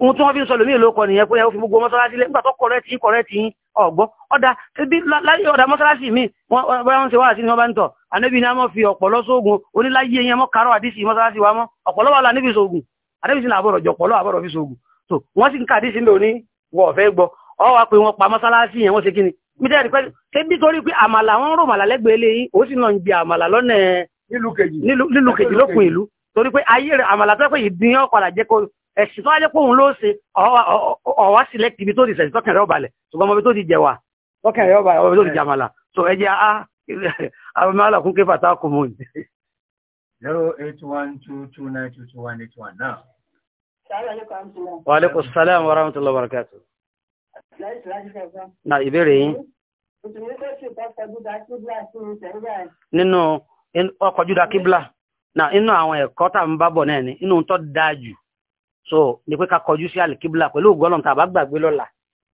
[SPEAKER 3] ohun tí wọ́n fi ń sọ lómi ìlú ọkọ̀ nìyẹn pé ẹ fi gbogbo mọ́sálásí lẹ́gbà tó kọ̀rẹ́tì kọ̀rẹ́tì ọ̀gbọ́ ọ̀dà ebi láyé ọ̀dà mọ́sálásí mi wọ́n bá ń ṣe wá sí ni wọ́n bá ń tọ̀ ànábì ni a mọ̀ fi ọ̀pọ̀lọ́ sóògùn oníláyé yẹn mọ́ kárọ̀ àdísì mọ́sálásí wa mọ́ ọ̀pọ̀lọ́ wà lánàbì sóògùn ànábì sì làbọ̀rọ̀ jọ pọ̀lọ́ àbọ̀rọ̀ fi sóògùn so wọ́n sì ń kà àdísì lóní wọ́n ọ̀fẹ́ gbọ́ ọ wá pé wọ́n pa mọ́sálásí yẹn wọ́n ṣe kí ni mi tẹ́ ẹ̀ rí pé ṣé bí torí pé àmàlà wọn rò màlà lẹ́gbẹ̀ẹ́ lé ó sì lọ ń jẹ àmàlà lọ́nà nílùú kejì lókun ìlú torí pé ayé rẹ̀ àmàlà tó pé ìdín ọ̀padà jẹ́ kó ẹ̀sìn tó wájẹ́ pòun ló ṣe ọ̀wá sílẹ̀kì ibi tó ti sẹ̀sìn tọ́kàn rẹ̀ ọ̀balẹ̀ ṣùgbọ́n ọmọbi tó ti jẹ̀wà tọ́kàn rẹ̀ ọ̀balẹ̀ ọmọbi tó ti jàmàlà so ẹ jẹ́ a ah, (laughs) àwọn mẹ́wàá kún kéfà tá a kò mú un.
[SPEAKER 1] zero eight one two two nine two two one eight one now. wa aleykum
[SPEAKER 2] salaam wa rahmatulah wa barakatu. na ìbéèrè yín.
[SPEAKER 3] nínú ọkọ̀jú da kíbla náà inú àwọn ẹ̀kọ́ tá ń bá bọ̀ náà ni inú tó dáa so ni pé ká kọjú sí àlìkíbla pẹ̀lú ògbọ́nà tá a bá gbàgbé lọ́la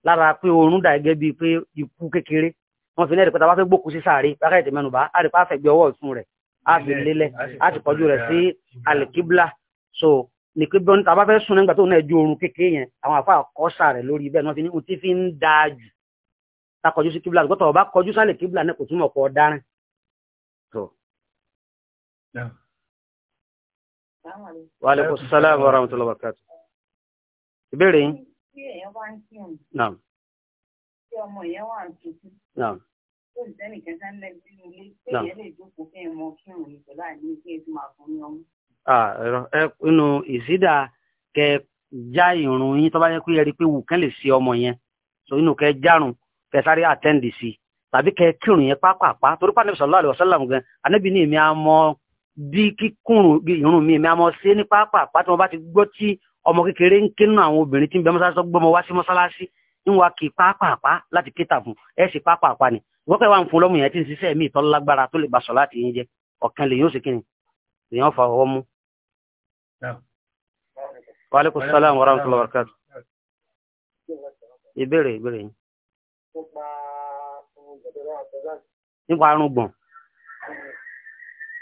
[SPEAKER 3] lára pé oorun dà gẹ́gẹ́ bíi pé ikú kékeré wọ́n fi lẹ́rìí pé tá a bá fẹ́ gbòkú sí sàárè bákàtí mẹ́nubà á rí pé a fẹ́ gbé ọwọ́ ìfún rẹ̀ á fi lélẹ̀ á ti kọjú rẹ̀ sí àlìkíbla so ni pé bọ́n tá a bá fẹ́ sùn nígbà tó náà ju oorun kékeré yẹn àwọn àfa àkọ́sà rẹ̀ lórí bẹ́ẹ̀ náà fi ní ohun tí fi ń dáa jù tá kọjú sí kíbla gbọ́tọ̀ ọba kọjú sálẹ̀ kíbla náà kò túmọ̀ pọ̀ ọ̀daràn Wa alaikum salaam wa rahmatullahi
[SPEAKER 1] wa barakatuh. Ìbéèrè yín.
[SPEAKER 3] Tí èèyàn bá ń kírun. Naam. Tí ọmọ yẹn wà ń tutù. Naam. Tó ń sẹ́nì kẹta ń lẹ́bi sínú ilé. Naam. Téèyàn lè jókòó kí ẹ mọ kírun yìí pẹ̀lú àìní ìsídà kẹ já ìrùn yín tó bá yẹ kó yẹ rí pé wù kán lè ṣe ọmọ yẹn. So inu kẹ járùn kẹ sáré àtẹ́ǹdì sí tàbí kẹ kírun yẹn pápápá torí pàdé sallallahu alaihi wasallam gan anábì ní èmi á mọ di kíkùnrùn ìrùn mi àmọ́ ṣe ní pápá àpá tí wọ́n bá ti gbọ́ tí ọmọ kékeré ń ké nínú àwọn obìnrin tí ń bẹ mọ́sálásí gbọ́mọ wá sí mọ́sálásí ń wa kì pápá àpá láti kéta fún ẹ sì pápá àpá ni ìwọ́pẹ́ wà ń fún lọ́mù yẹn tí ń ṣiṣẹ́ mi ìtọ́ lágbára tó lè gbà sọ láti yín jẹ ọ̀kan lè yóò ṣe kíni èèyàn fa ọwọ́ mú.
[SPEAKER 1] wa alaikum salaam wa rahmatullahi wa barakatuh.
[SPEAKER 2] ìbéèrè ìbéèrè yín. nípa arúgbọ̀n.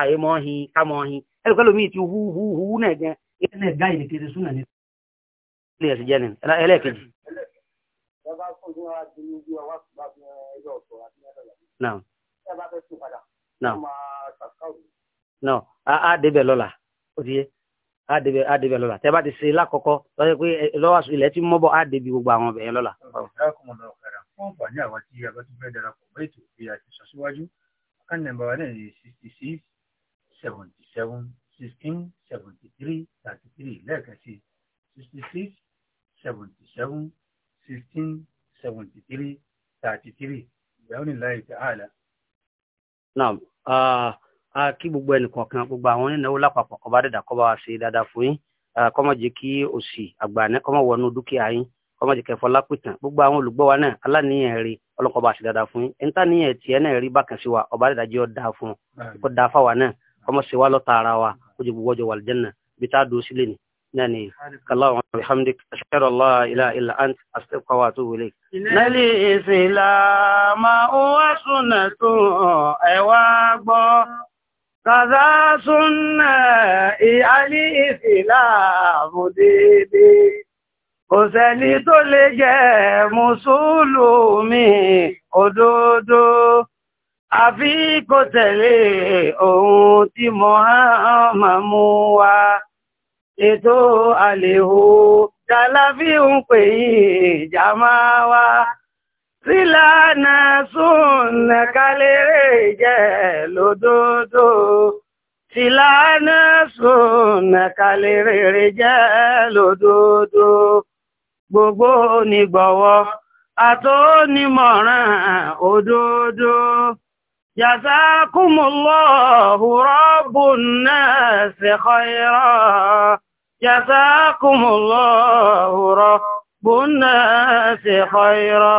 [SPEAKER 3] àìmọ́hin kámọ́hin ẹlòkẹ́lò míì ti hu hu hu náà gan ẹlẹ́ gáì ní kiri súnà ní ilé ẹ̀sìn jẹ́ni ẹlẹ́ẹ̀kejì. náà a débẹ̀ lọ́la ó ti yé a débẹ̀ a débẹ̀ lọ́la tẹ́ bá ti ṣe lákọ̀ọ́kọ́ lọ́sẹ̀ pé lọ́wọ́ ilẹ̀ tí mọ́ bọ̀ a débi gbogbo àwọn ọbẹ̀ yẹn lọ́la. ọ̀rọ̀
[SPEAKER 1] ìdáàkùnmọ̀ lọ́kàrà fún ọ̀pọ̀ ní àwọn tí a bá tún fẹ́ darapọ̀ bẹ́ẹ̀ tó fi àti Account number wa náà ni sixty six seventy seven sixteen seventy three thirty three lẹ́ẹ̀kan sí sixty six seventy seven sixteen seventy three thirty three ìyàwó ní láì tẹ àlà.
[SPEAKER 2] Naam a kí gbogbo ẹnìkọ̀ọ̀kan gbogbo àwọn onínáwó lápapọ̀ kọba dẹ̀dà kọba wa ṣe dáadáa fún yín kọ́mọ jẹ́ kí òṣì àgbà ní kọ́mọ wọnú dúkìá yín kọ́mọ jẹ́ kẹfọ́
[SPEAKER 3] lápìtàn gbogbo àwọn olùgbọ́ wa náà aláníyàn rèé ọlọ́kọ̀ bá ṣe fún yín ẹ̀ńtà ní náà rí bákan sí wa ọba àdàjẹ́ ọ̀ fún un kó dáa náà ọmọ sí wa lọ́ta wa ó jẹ́ gbogbo ọjọ́ wà lẹ́jẹ̀nà
[SPEAKER 2] bí tá a dúró sílẹ̀ ni náà ni kàláwọ̀n alhamdulilayi ashhadu an la ilaha illa anta astaghfiruka
[SPEAKER 3] wa atubu ilayk. nílì ìsìlámà ó wá súnà tó ẹ gbọ́ kàdá súnà ìhálí ìsìlámù déédéé. Kò sẹ́ni tó lè jẹ́ Mùsùlùmí òdodo, àfi kò tẹ̀lé ohun tí Muhammad mú wá. Ètò àlèhò jàlábí ń pè yí jàmáà wá. Sílànà súnnà kálérè jẹ́ lódodo. Sílànà súnnà kálérè jẹ́ lódodo gbogbo onígbọ̀wọ́ àtónímọ̀ràn òdodo jazakumullahu rabbun nasi khaira jazakumullahu rabbun nasi khaira